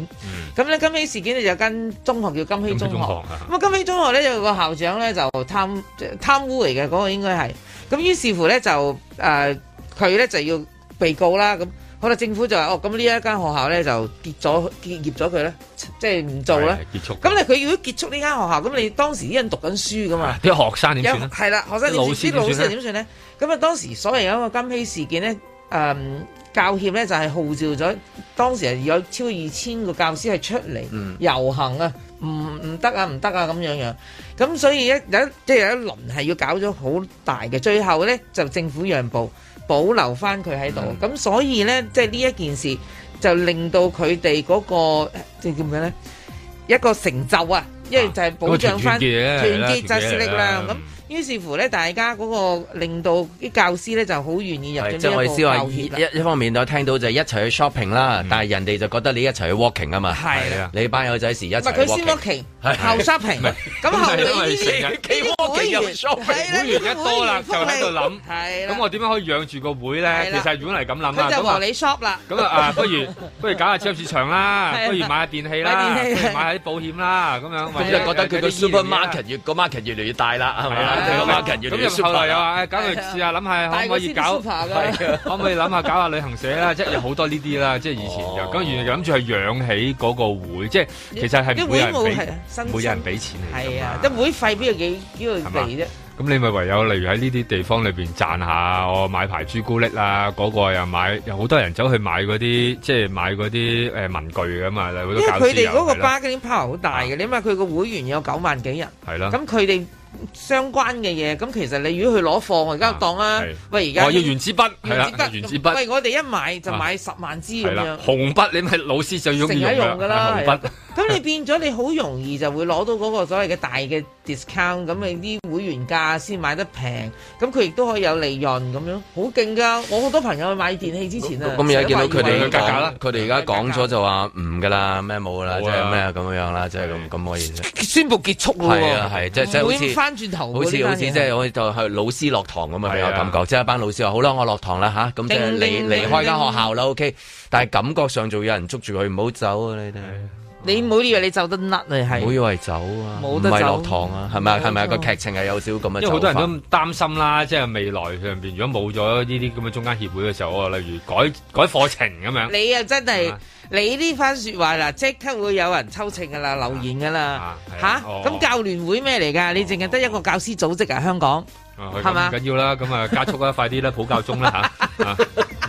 咁、嗯、咧金禧事件咧就跟中學叫金禧中學，咁金禧中學咧、啊、有個校長咧就貪貪污嚟嘅，嗰、嗰個應該係，咁於是乎咧就誒佢咧就要被告啦咁。好啦，政府就話哦，咁呢一間學校咧就結咗結業咗佢咧，即係唔做咧。結束。咁你佢如果結束呢間學校，咁你當時啲人讀緊書噶嘛？啲、啊、學生點算咧？係啦，學生點算？啲老師點算咧？咁啊、嗯就是，當時有、嗯啊啊啊、所以有一個金禧事件咧，誒，教協咧就係號召咗當時有超過二千個教師係出嚟遊行啊，唔唔得啊，唔得啊，咁樣樣。咁所以一有一即係有一輪係要搞咗好大嘅，最後咧就政府讓步。保留翻佢喺度，咁所以呢，即係呢一件事就令到佢哋嗰個即係叫咩呢，一個成就啊，啊因為就係保障翻團，那個團結，啊、結就是力量咁。於是乎咧，大家嗰個令到啲教師咧就好願意入咁一個保險。一一方面我聽到就係一齊去 shopping 啦，但係人哋就覺得你一齊去 walking 啊嘛。係啊，你班友仔時佢先 walking，後 shopping。咁後你呢啲會員一多啦，就喺度諗。係。咁我點樣可以養住個會咧？其實如果係咁諗啊。佢就同你 shop 啦。咁啊啊，不如不如搞下超級市場啦，不如買下電器啦，買下啲保險啦，咁樣。咁就覺得佢個 supermarket 越個 market 越嚟越大啦，係咪啊？咁後嚟又話：誒，搞嚟試下，諗下可唔可以搞？可唔可以諗下搞下旅行社啦？即係有好多呢啲啦，即係以前就咁，原來諗住係養起嗰個會，即係其實係會冇係，會有人俾錢你啫嘛？啲會費邊有幾幾多嚟啫？咁你咪唯有例如喺呢啲地方裏邊賺下，我買排朱古力啦，嗰個又買，有好多人走去買嗰啲，即係買嗰啲誒文具噶嘛？因為佢哋嗰個 Buckingham Park 好大嘅，你諗下佢個會員有九萬幾人，係咯，咁佢哋。相關嘅嘢，咁其實你如果去攞貨，我而家當啦。啊、喂，而家我要原子筆，係啦，原子筆。喂，呃、我哋一買就買十萬支咁樣。紅筆，你咪老師最中意用嘅。咁你變咗你好容易就會攞到嗰個所謂嘅大嘅 discount，咁你啲會員價先買得平，咁佢亦都可以有利潤咁樣，好勁噶！我好多朋友去買電器之前都、嗯、有啊，咁而家見到佢哋講，佢哋而家講咗就話唔噶啦，咩冇啦，即係咩咁樣啦，即係咁咁可以宣布結束啦喎，係啊係，即係即係好似翻轉頭，好似好似即係就老師落堂咁啊，比較感覺即係一班老師話好啦，我落堂啦吓咁即係離離開間學校啦，OK，但係感覺上就有人捉住佢唔好走啊，你哋。你唔好以為你走得甩你係，好以為走啊，唔係落堂啊，係咪係咪個劇情係有少少咁嘅，因為好多人都擔心啦，即、就、係、是、未來上邊如果冇咗呢啲咁嘅中間協會嘅時候，例如改改課程咁樣，你又真係你呢番說話嗱，即刻會有人抽秤噶啦，留言噶啦，吓、啊，咁、啊啊哦、教聯會咩嚟噶？你淨係得一個教師組織啊？香港係嘛？唔、哦、緊、啊、要啦，咁啊加速啦、啊， 快啲啦，普教中啦吓，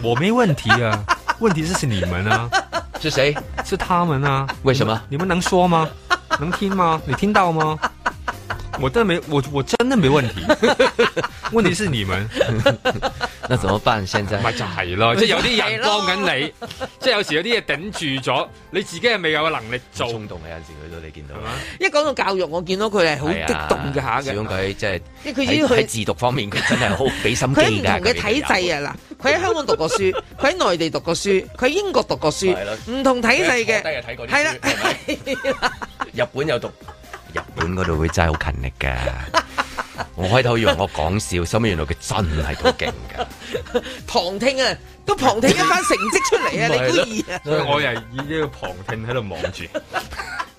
我沒問題啊，問題就是你們啊。是誰？是他們啊？為什麼你？你們能說嗎？能聽嗎？你聽到嗎？我真沒，我我真的沒問題。 問題是你們， 那怎麼辦？現在咪、啊啊、就係咯，即係有啲人幫緊你， 即係有時候有啲嘢頂住咗，你自己係未有個能力做。衝動嘅有陣時佢你見到。一講到教育，我見到佢係好激動嘅下嘅。主要佢即係喺自讀方面，佢真係好俾心機嘅。佢唔同嘅體制啊佢喺香港讀過書，佢喺內地讀過書，佢喺英國讀過書，唔 同體系嘅，係啦。是是 日本有讀， 日本嗰度會真係好勤力㗎。我開頭以為我講笑，收尾原來佢真係好勁㗎。 旁聽啊，都旁聽一翻成績出嚟啊， 你都意、啊、～ 所以我又係以呢個旁聽喺度望住，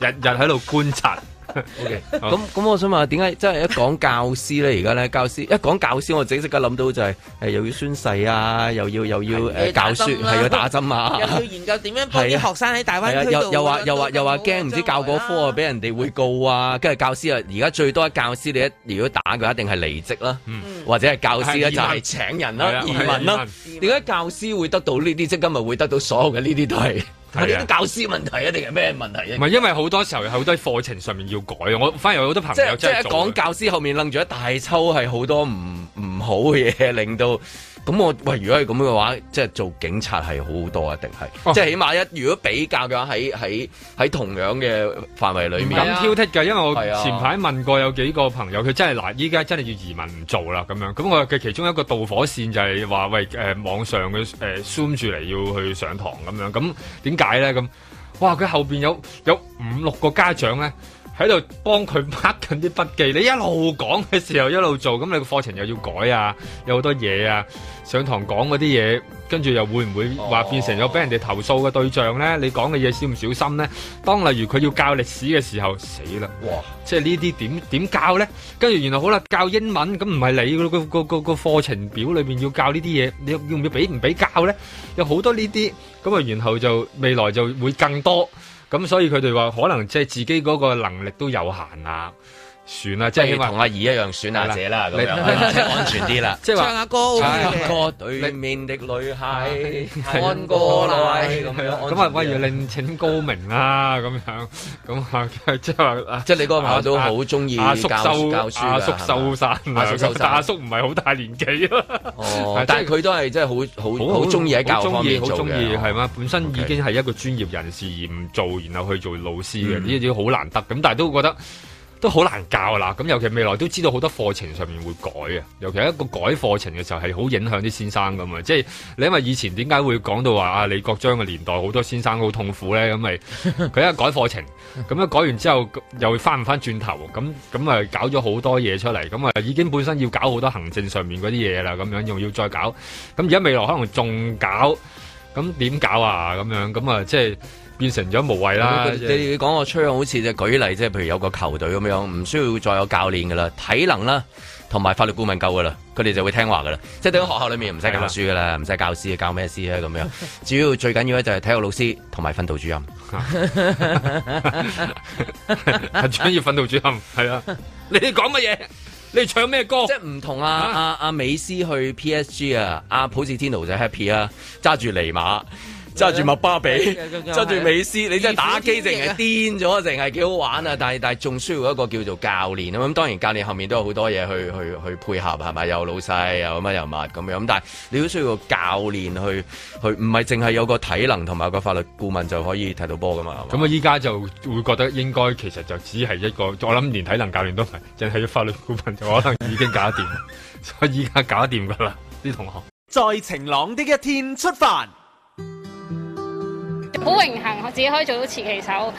日日喺度觀察。ok 咁咁，我想問，點解？即係一講教師咧，而家咧教師一講教師，我自己即刻諗到就係誒，又要宣誓啊，又要又要教書，又要打針啊，又要研究點樣幫啲學生喺大灣區度。又又話又話又話驚唔知教嗰科啊，俾人哋會告啊。跟住教師啊，而家最多教師你一如果打嘅，一定係離職啦，或者係教師咧就係請人啦，移民啦。點解教師會得到呢啲即係今日會得到所有嘅呢啲都係。唔係呢啲教師問題啊，定係咩問題啊？唔係因為好多時候，好多課程上面要改啊，我反而有好多朋友，即係一講教師後面擸住一大抽係好多唔唔好嘅嘢，令到。咁我喂，如果係咁嘅話，即係做警察係好好多一定係、啊、即係起碼一如果比較嘅話，喺喺喺同樣嘅範圍裏面咁挑剔嘅，因為我前排問過有幾個朋友，佢、啊、真係嗱，依家真係要移民唔做啦咁樣。咁我嘅其中一個導火線就係、是、話喂誒、呃，網上嘅、呃、Zoom 住嚟要去上堂咁樣。咁點解咧咁？哇！佢後面有有五六個家長咧。喺度幫佢拍緊啲筆記，你一路講嘅時候一路做，咁你個課程又要改啊，有好多嘢啊。上堂講嗰啲嘢，跟住又會唔會話變成咗俾人哋投訴嘅對象呢？你講嘅嘢小唔小心呢？當例如佢要教歷史嘅時候，死啦！哇！即係呢啲點點教呢？跟住然後好啦，教英文咁唔係你個個個個課程表裏面要教呢啲嘢，你要唔要俾唔俾教呢？有好多呢啲，咁啊，然後就未來就會更多。咁所以佢哋話，可能即係自己嗰個能力都有限啊。算啦，即係同阿二一樣，選阿姐啦咁樣，安全啲啦。即係唱下歌，唱下歌，對面的女孩看過來咁樣。咁、就是、啊，不如另請高明啦咁樣。咁啊，即係即你嗰個都好中意阿教書。阿、啊、叔瘦曬，阿、啊、叔唔係好大年紀咯。哦、 但係佢都係即係好好好中意喺教育方面、嗯、做嘅，係嘛？本身已經係一個專業人士而唔做，然後去做老師嘅，呢啲好難得。咁但係都覺得。都好難教啦，咁尤其未來都知道好多課程上面會改啊，尤其一個改課程嘅時候係好影響啲先生㗎嘛，即係你因為以前點解會講到話啊李國章嘅年代好多先生好痛苦呢？咁咪佢一改課程，咁 樣改完之後又會翻唔翻轉頭，咁咁啊搞咗好多嘢出嚟，咁啊已經本身要搞好多行政上面嗰啲嘢啦，咁樣，仲要再搞，咁而家未來可能仲搞，咁點搞啊？咁樣，咁啊即係。變成咗無謂啦！們 yeah。你你講個吹好似就舉例，即係譬如有個球隊咁樣，唔需要再有教練噶啦，體能啦同埋法律顧問夠噶啦，佢哋就會聽話噶啦。即係喺學校裏面唔使教書噶啦，唔使教師教咩師啊咁樣。主要 最緊要咧就係體育老師同埋訓導主任。專業訓導主任係啊！ 你哋講乜嘢？你唱咩歌？即係唔同阿阿阿美斯去 P S G 啊！阿普斯天奴就 happy 啦、啊，揸住尼馬。揸住麥巴比，揸、就、住、是就是就是、美斯，就是就是、你真係打機淨係癲咗，淨係幾好玩啊！但係但係仲需要一個叫做教練啊！咁當然教練後面都有好多嘢，去去去配合，係咪？有老細，有乜又乜咁樣咁，但係你都需要個教練去去，唔係淨係有個體能同埋個法律顧問就可以睇到波噶嘛？咁啊，依家就會覺得應該其實就只係一個，我諗連體能教練都係淨係法律顧問就可能已經搞掂， 所以依家搞掂噶啦啲同學，在晴朗的一天出發。好榮幸我自己可以做到持旗手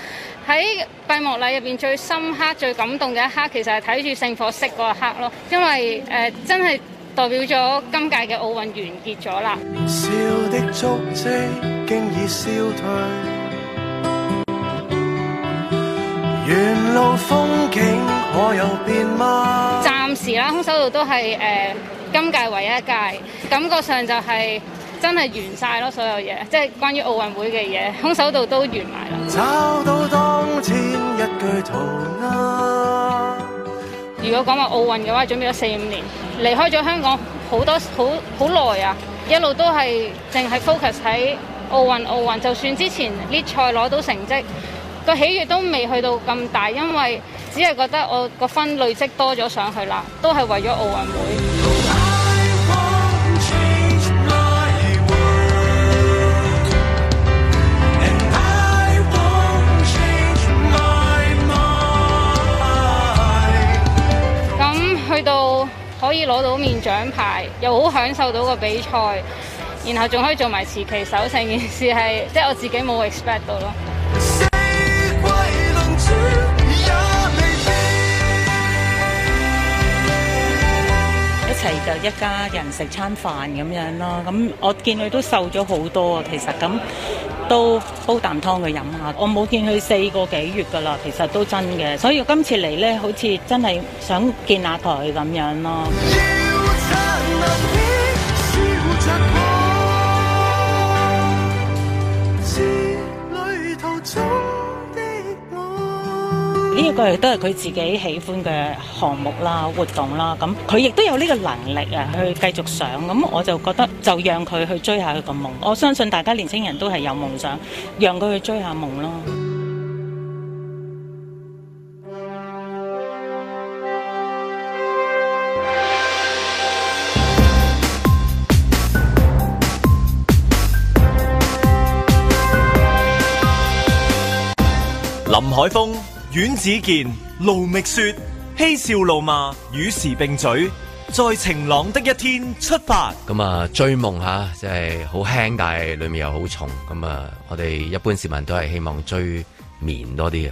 喺閉幕禮入邊最深刻最感動嘅一刻，其實係睇住聖火熄嗰一刻咯，因為誒真係代表咗今屆嘅奧運完結咗啦。年少的足跡，經已消退。沿路風景可有變嗎？暫時啦，空手道都係誒今屆唯一一屆，感覺上就係。真係完晒咯，所有嘢，即係關於奧運會嘅嘢，空手道都完埋啦。找到當前一句圖恩、啊。如果講話奧運嘅話，準備咗四五年，離開咗香港好多好好耐啊，一路都係淨係 focus 喺奧運奧運。就算之前啲賽攞到成績，個喜悅都未去到咁大，因為只係覺得我個分累積多咗上去啦，都係為咗奧運會。去到可以攞到面獎牌，又好享受到個比賽，然後仲可以做埋持旗手，成件事係即係我自己冇 expect 到咯。一齊就一家人食餐飯咁樣咯，咁我見佢都瘦咗好多啊，其實咁。都煲啖湯佢飲下，我冇見佢四個幾月㗎啦，其實都真嘅，所以今次嚟呢，好似真係想見下台咁樣咯。呢個亦都係佢自己喜歡嘅項目啦、活動啦，咁佢亦都有呢個能力啊，去繼續上，咁我就覺得就讓佢去追下佢個夢。我相信大家年輕人都係有夢想，讓佢去追下夢咯。林海峰。阮子健、盧覓雪，嬉笑怒罵與時並嘴，在晴朗的一天出發。咁啊追夢吓，即係好輕，但係裏面又好重。咁啊，我哋一般市民都係希望追眠多啲嘅。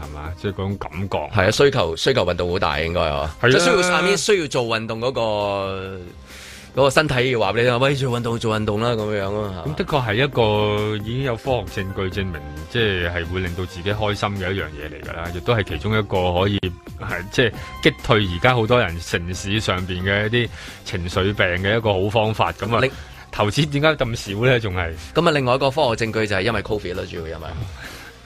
即係嗰種感覺係啊，需求需求運動好大，應該，應該啊，係需要下面需要做運動嗰個嗰個身體嘅話，你話喂，做運動做運動啦，咁樣是啊，咁的確係一個已經有科學證據證明，即係係會令到自己開心嘅一樣嘢嚟噶啦，亦都係其中一個可以係即係擊退而家好多人城市上邊嘅一啲情緒病嘅一個好方法咁啊。投資點解咁少咧？仲係咁啊？另外一個科學證據就係因為 Covid 啦，主要因為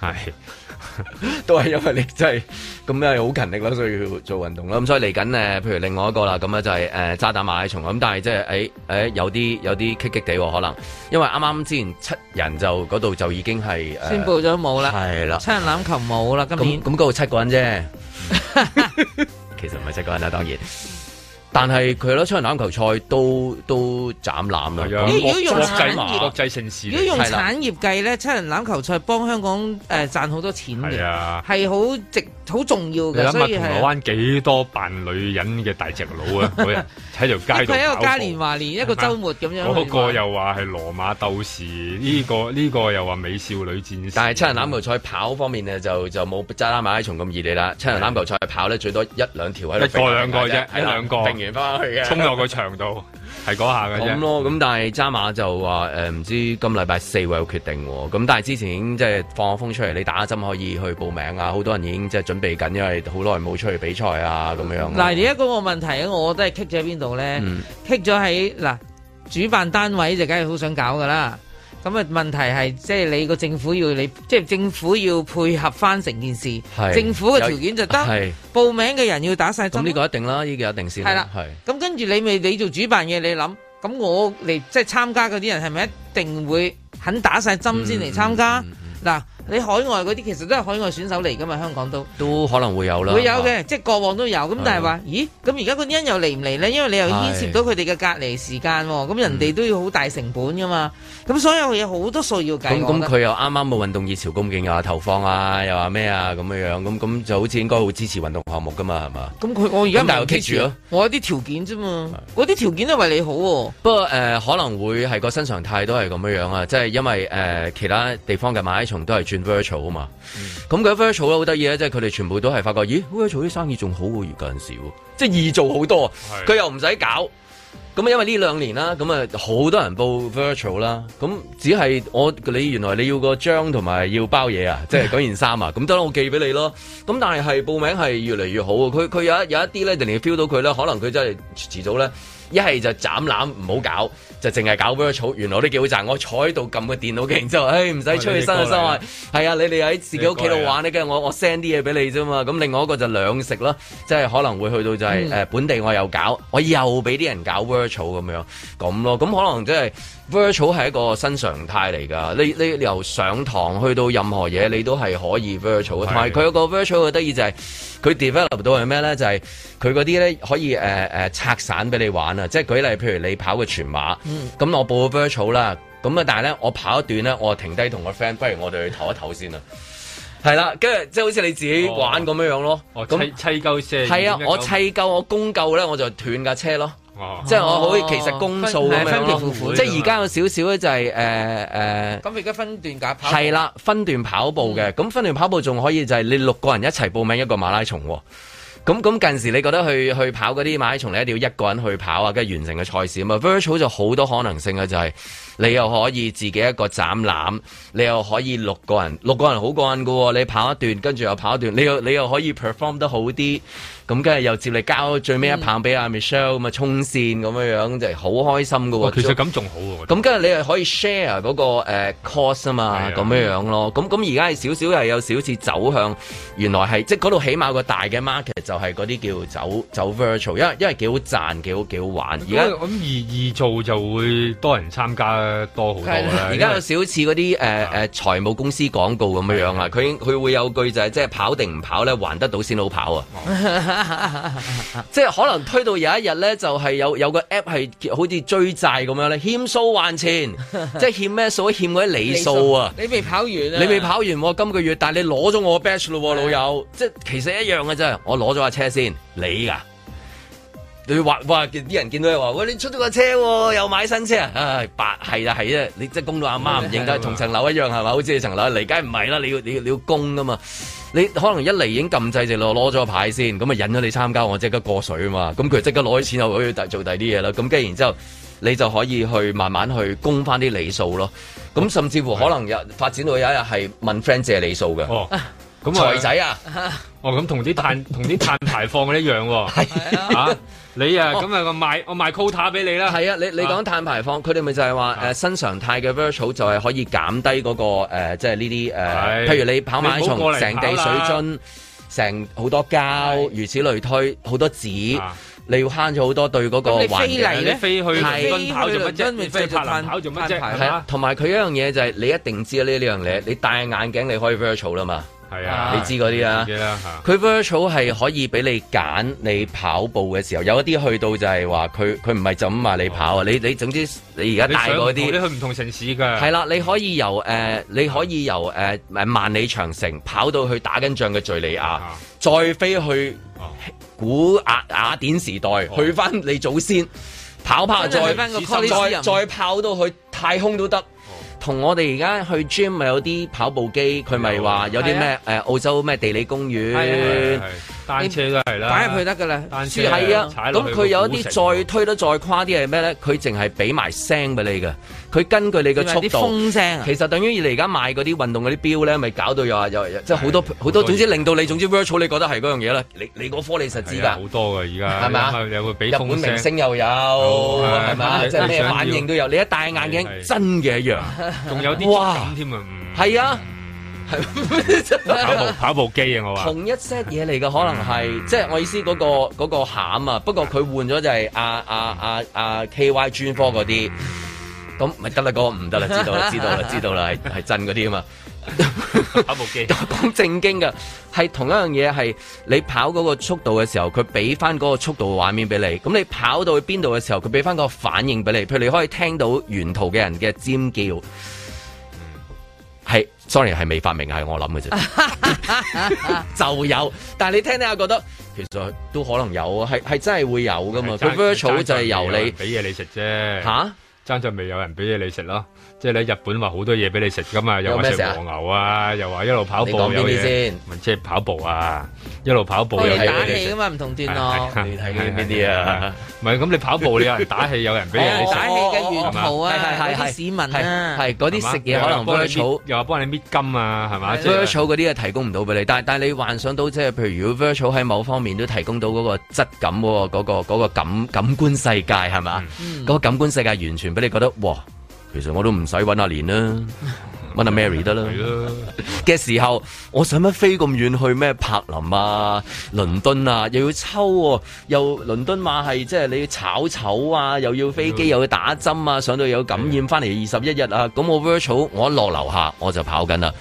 係。 都係因為你真係咁樣，好勤力咯，所以要做運動啦。咁 所以嚟緊誒，譬如另外一個啦，咁啊就係誒渣打馬拉松咁，但係即係誒誒，有啲有啲棘棘哋可能，因為啱啱之前七人就嗰度就已經係、呃、宣布咗冇啦，係啦，七人欖球冇啦，今年咁高七個人啫， 其實唔係七個人啦，當然。但係佢攞七人欖球賽都都斬欖啦。如果用產業、國際城市，如果用產業計咧，七人欖球賽幫香港誒、呃、賺好多錢嘅，係好、啊、值、好重要嘅。所以銅鑼灣幾多扮女人嘅大隻佬啊！每日喺度街度跑。睇下嘉年華連一個週末咁樣。嗰、那個又話係羅馬鬥士，呢、 這個呢、這個又話美少女戰士。但係七人欖球賽跑方面咧，就就冇揸拉馬拉松咁易嚟啦。七人欖球賽跑咧，最多一兩條喺度。一個兩個啫，一兩個。翻去嘅，沖落個牆度係嗰下嘅啫。咁咯，咁但係渣馬就話，誒，唔知今禮拜四會有決定。咁但係之前已經即係放咗風出嚟，你打針可以去報名啊！好多人已經即係準備緊，因為好耐冇出去比賽啊，咁樣。嗱，而家嗰個問題，我覺得係棘咗喺邊度咧？棘咗喺嗱，主辦單位就梗係好想搞噶啦。咁啊，問題係即係你個政府要你，即係政府要配合翻成件事。政府嘅條件就得，報名嘅人要打晒針、啊。咁呢個一定啦，呢、呢個一定先。係啦，係。咁跟住你咪你做主辦嘢，你諗，咁我嚟即係參加嗰啲人係咪一定會肯打晒針先嚟參加？嗱、嗯嗯，你海外嗰啲其實都係海外選手嚟㗎嘛，香港都都可能會有啦。會有嘅、啊，即係過往都有。咁但係話，咦？咁而家嗰啲人又嚟唔嚟咧？因為你又牽涉到佢哋嘅隔離時間、啊，咁、嗯、人哋都要好大成本㗎嘛。咁所有嘢好多數要計。咁咁佢又啱啱冇運動熱潮咁勁啊，又投放啊，又話咩啊，咁樣樣咁咁就好似應該會支持運動項目噶嘛，係嘛？咁佢我而家 keep 住咯。我有啲條件啫嘛，嗰啲條件都為你好、啊。不過誒、呃，可能會係個新常態都係咁樣樣啊，即係因為誒、呃、其他地方嘅馬拉松都係轉 virtual、嗯嗯、virtual 啊嘛。咁佢 virtual 咧好得意咧，即係佢哋全部都係發覺，咦，virtual 啲生意仲好過嗰陣時，即係易做好多，佢又唔使搞。咁因為呢兩年啦，咁啊好多人報 virtual 啦，咁只係我你原來你要個章同埋要包嘢啊，即係嗰件衫啊，咁得啦，我寄俾你咯。咁但係係報名係越嚟越好，佢佢有有一啲咧，就你 feel 到佢咧，可能佢真係遲早咧，一係就斬纜唔好搞。就淨係搞 virtual，原來我都幾好賺。我坐喺度撳個電腦嘅，然之後，唉，唔使出去身外、啊、身外。係啊，你哋喺自己屋企度玩咧玩，跟住我我 send 啲嘢俾你啫嘛。咁另外一個就兩食啦，即係可能會去到就係、是、誒、嗯、本地，我又搞，我又俾啲人搞 virtual 咁樣咁咯。咁可能即、就、係、是。Virtual 係一個新常態嚟噶，你你由上堂去到任何嘢，你都係可以 Virtual。同埋佢有個 Virtual 嘅得意就係、是，佢 develop 到係咩咧？就係佢嗰啲咧可以誒誒、呃呃、拆散俾你玩啊！即係舉例，譬如你跑個全馬，咁、嗯、我報個 Virtual 啦，咁啊但係咧我跑一段咧，我停低同個 friend，不如我哋去唞一唞先啊！係 啦，跟住即係好似你自己玩咁樣樣咯。咁、哦哦、砌夠車，係啊，我砌夠我供夠咧，我就斷架車咯。哦、即係我好，以，其實公數啊，即係而家有少少咧就係誒誒，咁而家分段假跑係啦，分段跑步嘅，咁、嗯、分段跑步仲可以就係你六個人一齊報名一個馬拉松，哦，咁咁近時你覺得去去跑嗰啲馬拉松，你一定要一個人去跑啊，跟住完成個賽事啊嘛。Virtual 就好多可能性嘅，就係你又可以自己一個斬纜，你又可以六個人，六個人好過癮噶，你跑一段，跟住又跑一段，你又你又可以 perform 得好啲。咁跟住又接你交最尾一棒俾阿 Michelle，咪、嗯、充、嗯嗯、線咁樣樣，就係好開心㗎喎。其實咁仲好喎。咁跟住你又可以 share 嗰、嗰個誒 course 啊嘛，咁、uh, 樣、嗯、樣咯。咁咁而家係少少又有少少走向，原來係即係嗰度起碼有個大嘅 market 就係嗰啲叫走走 virtual，因為因為幾好賺，幾好幾好玩。而家咁易易做就會多人參加多好多。而家有少少似嗰啲誒誒財務公司廣告咁樣樣啊，佢、嗯、佢會有句就係、係、即係跑定唔跑咧，還得到先好跑啊。嗯。 即係可能推到有一日咧，就係、是、有有個 app 係好似追債咁樣咧，欠數還錢，即係欠咩數？欠嗰啲禮數啊！ 你，未啊你未跑完啊！你未跑完，今個月，但係你攞咗我 batch 咯、啊，的老友，即係其實一樣嘅啫。我攞咗架車先，你啊？你話哇啲人見到你話，喂，你出咗架車、啊，又買新車啊？白係啊，係啊！你即係供到阿媽唔認得，同層樓一樣係咪？ 好似你層樓嚟緊唔係啦，你要你要你要供噶嘛？你可能一嚟已經撳掣就攞攞咗個牌先，咁咪引咗你參加，我即刻過水啊嘛！咁佢即刻攞起錢去第做第啲嘢啦。咁跟住然之後，你就可以去慢慢去供翻啲理數咯。咁甚至乎可能有發展到有一日係問 friend 借理數嘅。哦，財仔啊！哦，咁同啲碳同啲 碳排放一樣喎，哦。 啊你啊，咁啊我賣我賣 quota 俾你啦。係啊，你你講碳排放，佢哋咪就係話誒新常態嘅 virtual 就係可以減低嗰、嗰個即係呢啲誒，譬如你跑馬拉松，成地水樽，成好多膠，啊、如此類推，好多紙，你要慳咗好多對嗰個環、啊你來呢。你飛嚟咧，飛去，跟跑做乜啫？飛就跑做乜啫？係啊，同埋佢一樣嘢就係，你一定知啊呢樣嘢，你戴眼鏡你可以 virtual 啦嘛。係啊，你知嗰啲啊，佢 Virtual 係可以俾你揀，你跑步嘅時候有一啲去到就係話佢佢唔係就咁話你跑啊、哦，你你總之你而家大嗰啲你去唔同城市噶。係啦，你可以由誒、呃，你可以由誒，萬、呃、萬里長城跑到去打緊仗嘅敘利亞、啊，再飛去古雅雅典時代，哦、去翻你祖先跑跑，再個，再再跑到去太空都得。同我哋而家去 gym 咪有啲跑步機，佢咪話有啲咩？誒、啊、澳洲咩地理公園，是啊是啊是啊是啊，單車嘅係啦，擺入去得噶啦，但係啊。咁佢、啊、有一啲再推得再誇啲係咩咧？佢淨係俾埋聲俾你嘅。佢根據你嘅速度係咪風聲，其實等於而家買嗰啲運動嗰啲表咧，咪、就是、搞到又又又即係好多好多，總之令到你總之 workout，你覺得係嗰樣嘢咧，你你嗰科你實知㗎，好、啊、多㗎而家，係嘛？有個日本明星又有，係、哦、咪？即係咩反應都有。你一戴眼鏡，真嘅一樣，仲有啲哇，品添啊！係 啊，啊 跑，跑步跑步機啊！我話同一 set 嘢嚟嘅，可能係 即係我意思嗰、那個嗰、那個、餡啊。不過佢換咗就係阿阿阿阿 KY 專科嗰啲。 咁咪得啦，嗰、嗰個唔得啦，知道啦，知道啦，知道啦，係係真嗰啲啊嘛。跑 步機，講正經㗎，係同一樣嘢，係你跑嗰個速度嘅時候，佢俾翻嗰個速度嘅畫面俾你。咁你跑到去邊度嘅時候，佢俾翻個反應俾你。譬如你可以聽到沿途嘅人嘅尖叫，係、嗯、，sorry，係未發明，係我諗嘅啫。 就有，但你聽聽下，我覺得其實都可能有，有啊，係真係會有噶嘛。佢 virtual 就係由你俾嘢你食啫。嚇？爭在未有人俾嘢你食咯。即係咧，日本話好多嘢俾你食噶嘛，又話食和牛啊，啊又話一路跑步又咩先？即係跑步啊，一路跑步又。打氣噶嘛，唔同段落、哎哎。你睇緊邊啲啊？唔 係，咁你跑步你氣有人打氣，有人俾嘢你食。打氣嘅源頭啊，是嗯是嗯、那些市民係嗰啲食嘢可能 v e 草又幫你搣金啊，係嘛 v e 草嗰啲係提供唔到俾你，但但係你幻想到即係，譬如如果 v e 草喺某方面都提供到嗰個質感，嗰、那個嗰個感感官世界係嘛？嗰個感官世界完全俾你覺得，哇！其實我都唔使揾阿蓮啦，揾 阿 Mary 得啦。嘅 時候，我使乜飛咁遠去咩柏林啊、倫敦啊，又要抽、啊、又倫敦嘛係即係你要炒丑啊，又要飛機又要打針啊，上到有感染翻嚟二十一日啊，咁我 Virtual 我一落樓下我就跑緊啦，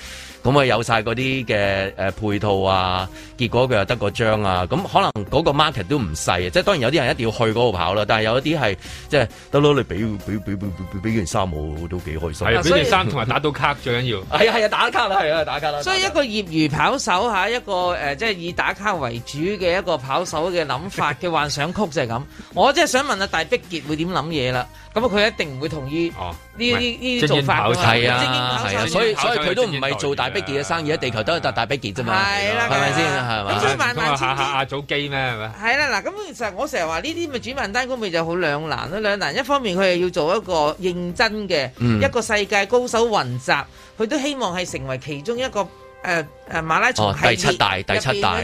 咁啊有晒嗰啲嘅誒配套啊。結果佢又得個章啊！咁、嗯、可能嗰個 market 都唔細啊！即係當然有啲人一定要去嗰度跑啦，但係有一啲係即係得咯，你俾俾俾俾俾件衫我都幾開心。係俾件衫同埋打到卡最緊要。係啊係啊，打卡啦係啊打卡啦。所以一個業餘跑手嚇一個誒、呃，即係以打卡為主嘅一個跑手嘅諗法嘅幻想曲就係咁。 我即係想問下大逼傑會點諗嘢啦？咁佢一定唔會同意呢啲、哦、做法係啊係啊，所以所以佢都唔係做大逼傑嘅生意，地球都得一笪大逼傑啫嘛，係咪先？啊咁所以慢慢黐下下下早機咩，係咪？係啦，嗱，咁其實我成日話呢啲咪轉辦單位咪就好兩難咯，兩難，一方面佢係要做一個認真嘅、嗯、一個世界高手雲集，佢都希望係成為其中一個。誒誒馬拉松第七大第七大，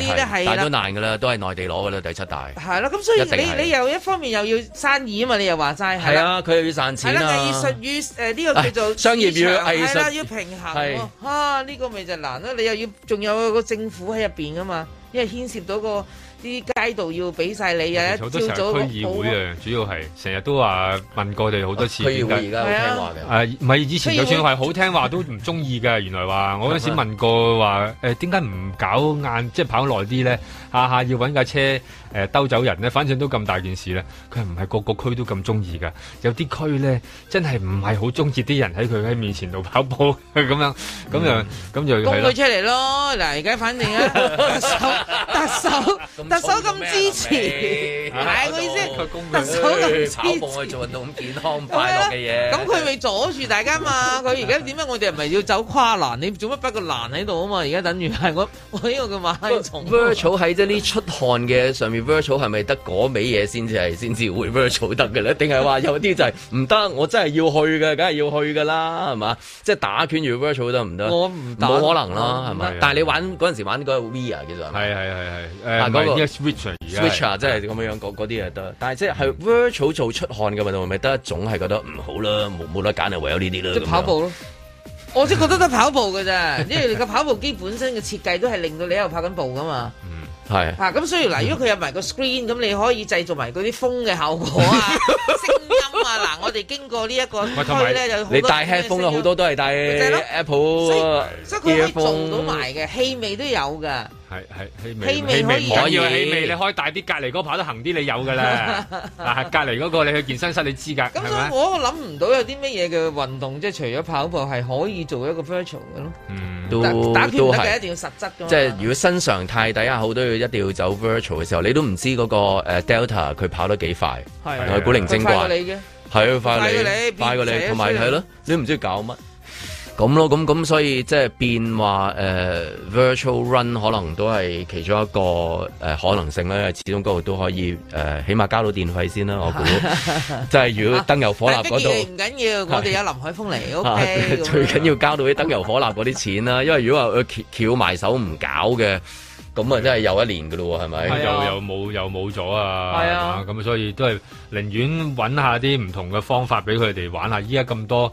但都難噶啦，都係內地攞噶啦，第七大。係咯，咁所以你你又一方面又要生意啊嘛，你又話齋係啊，佢又要賺錢啦、啊。藝術與誒呢、呢個叫做商業與藝術，術，係啦要平衡啊，呢、啊啊呢個咪就難咯，你又要仲有個政府喺入邊噶嘛，因為牽涉到個。啲街道要俾晒你啊，好多時候區議會啊，主要係成日都話問過我哋好多次，而家好聽話。係啊，唔係以前就算係好聽話都唔中意㗎。原來話我嗰陣時問過話，點解唔搞晏，即係跑耐啲咧？下下要揾架車誒兜走人咧，反正都咁大件事咧，佢唔係個個區都咁中意㗎，有啲區咧真係唔係好中意啲人喺佢喺面前度跑步咁樣，咁、嗯、就咁就公佢出嚟咯。嗱而家反正咧、啊、特首 特首特首咁 支持，係、啊、個意思。欸、特首咁支持，做運動咁健康快樂嘅嘢。咁佢咪阻住大家嘛？佢而家點解我哋唔係要走跨欄？你做乜擺個欄喺度啊嘛？而家等於係我我呢個嘅馬騮 從 即係呢，出汗嘅上面 Virtual 係咪得嗰味嘢先至係先至會 Virtual 得嘅咧？定係話有啲就係唔得，我真係要去嘅，梗係要去噶啦，係嘛？即係打拳要 Virtual 得唔得？我唔冇可能啦，係嘛、那個？但係你玩嗰陣時玩嗰個 VR 其實係係係係誒嗰個 switcher，switcher 真係咁樣樣嗰啲又得。但係即係係 Virtual 做出汗嘅運動咪得一種係覺得唔好啦，冇得揀，係唯有呢啲啦。即、就是、跑步咯，步 我先覺得得跑步嘅咋，因為你個跑步機本身嘅設計都係令到你又跑緊步噶嘛。 咁所以，嗱、啊嗯啊嗯嗯啊，如果佢入埋個 screen，咁你可以製造埋嗰啲風嘅效果啊、聲 音啊。嗱、啊，我哋經過呢、這、一個區咧、 啊這個啊，有好多，多都係帶 Apple iPhone 即係佢可以做到埋嘅氣味都有㗎。係係氣味，氣味我要氣味，你開大啲，隔籬嗰跑得行啲，你有噶啦。 隔籬嗰、個你去健身室，你知噶。咁 我諗唔到有啲乜嘢嘅運動，即係除咗跑步係可以做一個 virtual 嘅咯。嗯，打打都都係。一定要實質噶。即係如果新常態底下好多要一定要走 virtual 嘅時候，你都唔知嗰個誒 Delta 佢跑得幾快，係古靈精怪。快過你快，你，快你，快過你，同埋係咯，你唔知搞乜。咁咯，咁咁所以即係變話，誒、呃、virtual run 可能都係其中一個誒、呃、可能性啦。始終嗰度都可以，誒、呃，起碼交到電費先啦。我估，即 係如果燈油火蠟嗰度，唔緊要，我哋有林海峰嚟。屋，okay, 啊、最緊要交到啲燈油火蠟嗰啲錢啦。 因為如果話佢翹埋手唔搞嘅，咁 啊真係又一年噶咯，係咪？又又冇又冇咗啊！係 啊，咁所以都係寧願揾下啲唔同嘅方法俾佢哋玩下。依家咁多。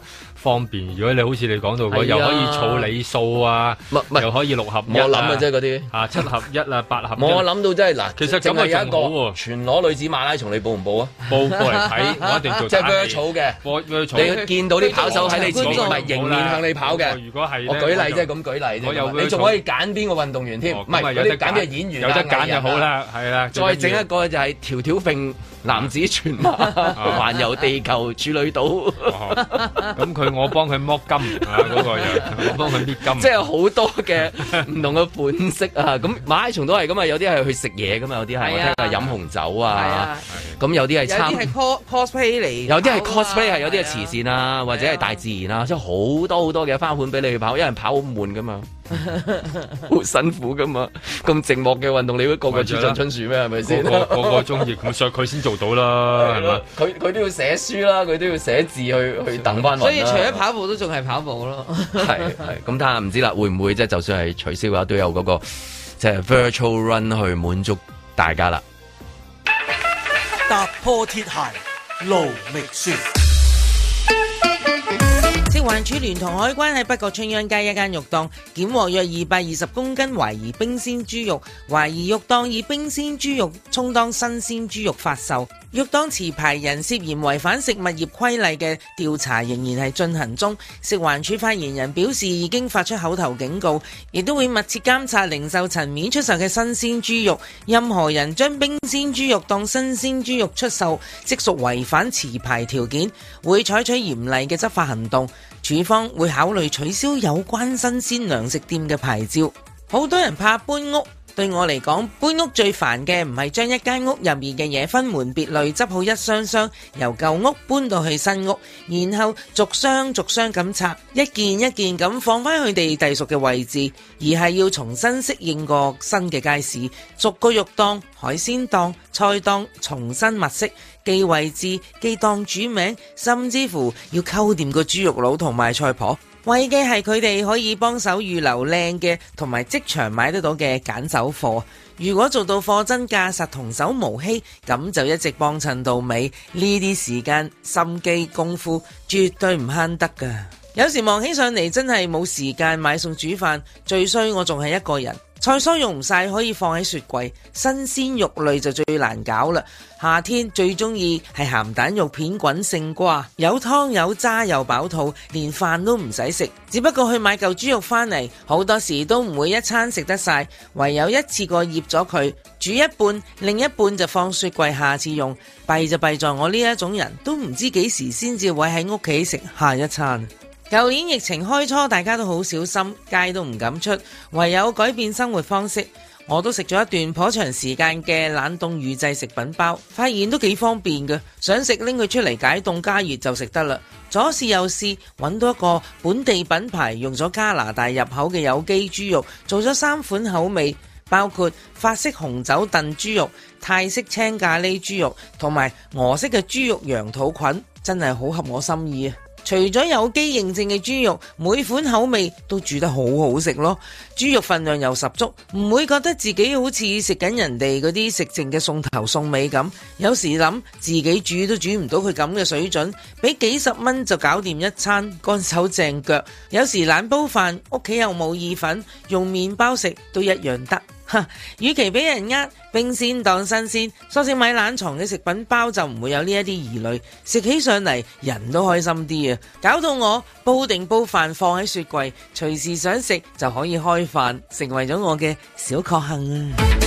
方便， 如果你好似你講到嗰又可以儲你數啊，乜乜又可以六合我諗即係嗰啲啊七合一啊，啊八合一啊， 我諗到、啊、真係嗱，其實咁係一個全裸女子馬拉松， used coverWhen 就是、 看你報唔報啊？報過嚟睇，我一定做。即係咩草嘅？咩草？你見到啲跑手喺你前面，迎面向你跑嘅。如果係，我舉例即係，咁舉例啫。你仲可以揀邊個運動員添？唔、uh, 係、哦、有啲揀邊個演員的？有得揀就好啦，係啦。再整一個就係條條揈男子全馬環遊地球處女島。咁佢、啊。Geez, 我幫佢剝金啊！嗰 個人我幫佢搣金，即係好多嘅唔同嘅款式啊！咁 馬拉松都係咁啊，有啲係去食嘢噶嘛，有啲係我聽係飲、啊、紅酒啊，咁、啊、有啲係、啊啊啊啊啊，有啲係 cosplay 嚟，有啲係 cosplay，係有啲係慈善啊，是啊或者係大自然啊，啊啊即係好多好多嘅花款俾你去跑，因為跑好悶噶嘛。好 辛苦噶嘛，咁寂寞嘅運動，你會個個村上春樹咩？係咪先？個個中意咁，所以佢先做到啦，係佢佢都要寫書啦，佢都要寫字去去等翻。所以除咗跑步都仲係跑步咯。係係，咁睇下唔知啦， 不知道會唔會即係就算係取消嘅話，都有嗰個即係 virtual run 去滿足大家啦。踏破鐵鞋路未熟。環署聯同海關喺北角春秧街一間肉檔檢獲約二百二十公斤懷疑冰鮮豬肉，懷疑肉檔以冰鮮豬肉充當新鮮豬肉發售。欲當持牌人涉嫌違反食物業規例嘅調查仍然係進行中，食環署發言人表示已經發出口頭警告，亦都會密切監察零售層面出售嘅新鮮豬肉。任何人將冰鮮豬肉當新鮮豬肉出售，即屬違反持牌條件，會採取嚴厲嘅執法行動。署方會考慮取消有關新鮮糧食店嘅牌照。好多人怕搬屋。對我嚟講，搬屋最煩嘅唔係將一間屋入面嘅嘢分門別類執好一箱箱，由舊屋搬到去新屋，然後逐箱逐箱咁拆，一件一件咁放返佢哋隸屬嘅位置，而係要重新適應個新嘅街市，逐個肉檔、海鮮檔、菜檔重新物色，既位置，既檔主名，甚至乎要溝掂個豬肉佬同埋菜婆。為嘅係佢哋可以幫手預留靚嘅，同埋即場買得到嘅揀手貨。如果做到貨真價實、童叟無欺，咁就一直幫襯到尾。呢啲時間、心機、功夫絕對唔慳得㗎。 有時忙起上嚟，真係冇時間買餸煮飯，最衰我仲係一個人。菜蔬用唔晒可以放喺雪櫃，新鮮肉類就最難搞啦。夏天最中意係鹹蛋肉片滾勝瓜，有湯有渣又飽肚，連飯都唔使食。只不過去買嚿豬肉返嚟，好多時都唔會一餐食得晒，唯有一次過醃咗佢，煮一半，另一半就放雪櫃，下次用。弊就弊在我呢一種人都唔知幾時先至會喺屋企食下一餐。舊年疫情開初，大家都好小心，街都唔敢出，唯有改變生活方式。我都食咗一段頗長時間嘅冷凍預製食品包，發現都幾方便嘅，想食拎佢出嚟解凍加熱就食得啦。左試右試，揾到一個本地品牌，用咗加拿大入口嘅有機豬肉，做咗三款口味，包括法式紅酒燉豬肉、泰式青咖喱豬肉同埋俄式嘅豬肉羊肚菌，真係好合我心意啊！除咗有機認證嘅豬肉，每款口味都煮得好好食咯，豬肉份量又十足，唔會覺得自己好似食緊人哋嗰啲食剩嘅餸頭餸尾咁。有時諗自己煮都煮唔到佢咁嘅水準，俾幾十蚊就搞掂一餐乾手正腳。有時懶煲飯，屋企又冇意粉，用麵包食都一樣得。哈！ 與其俾人呃冰鮮當新鮮，索性買冷藏嘅食品包就唔會有呢一啲疑慮，食起上嚟人都開心啲啊！搞到我煲定煲飯放喺雪櫃，隨時想食就可以開飯，成為咗我嘅小確幸。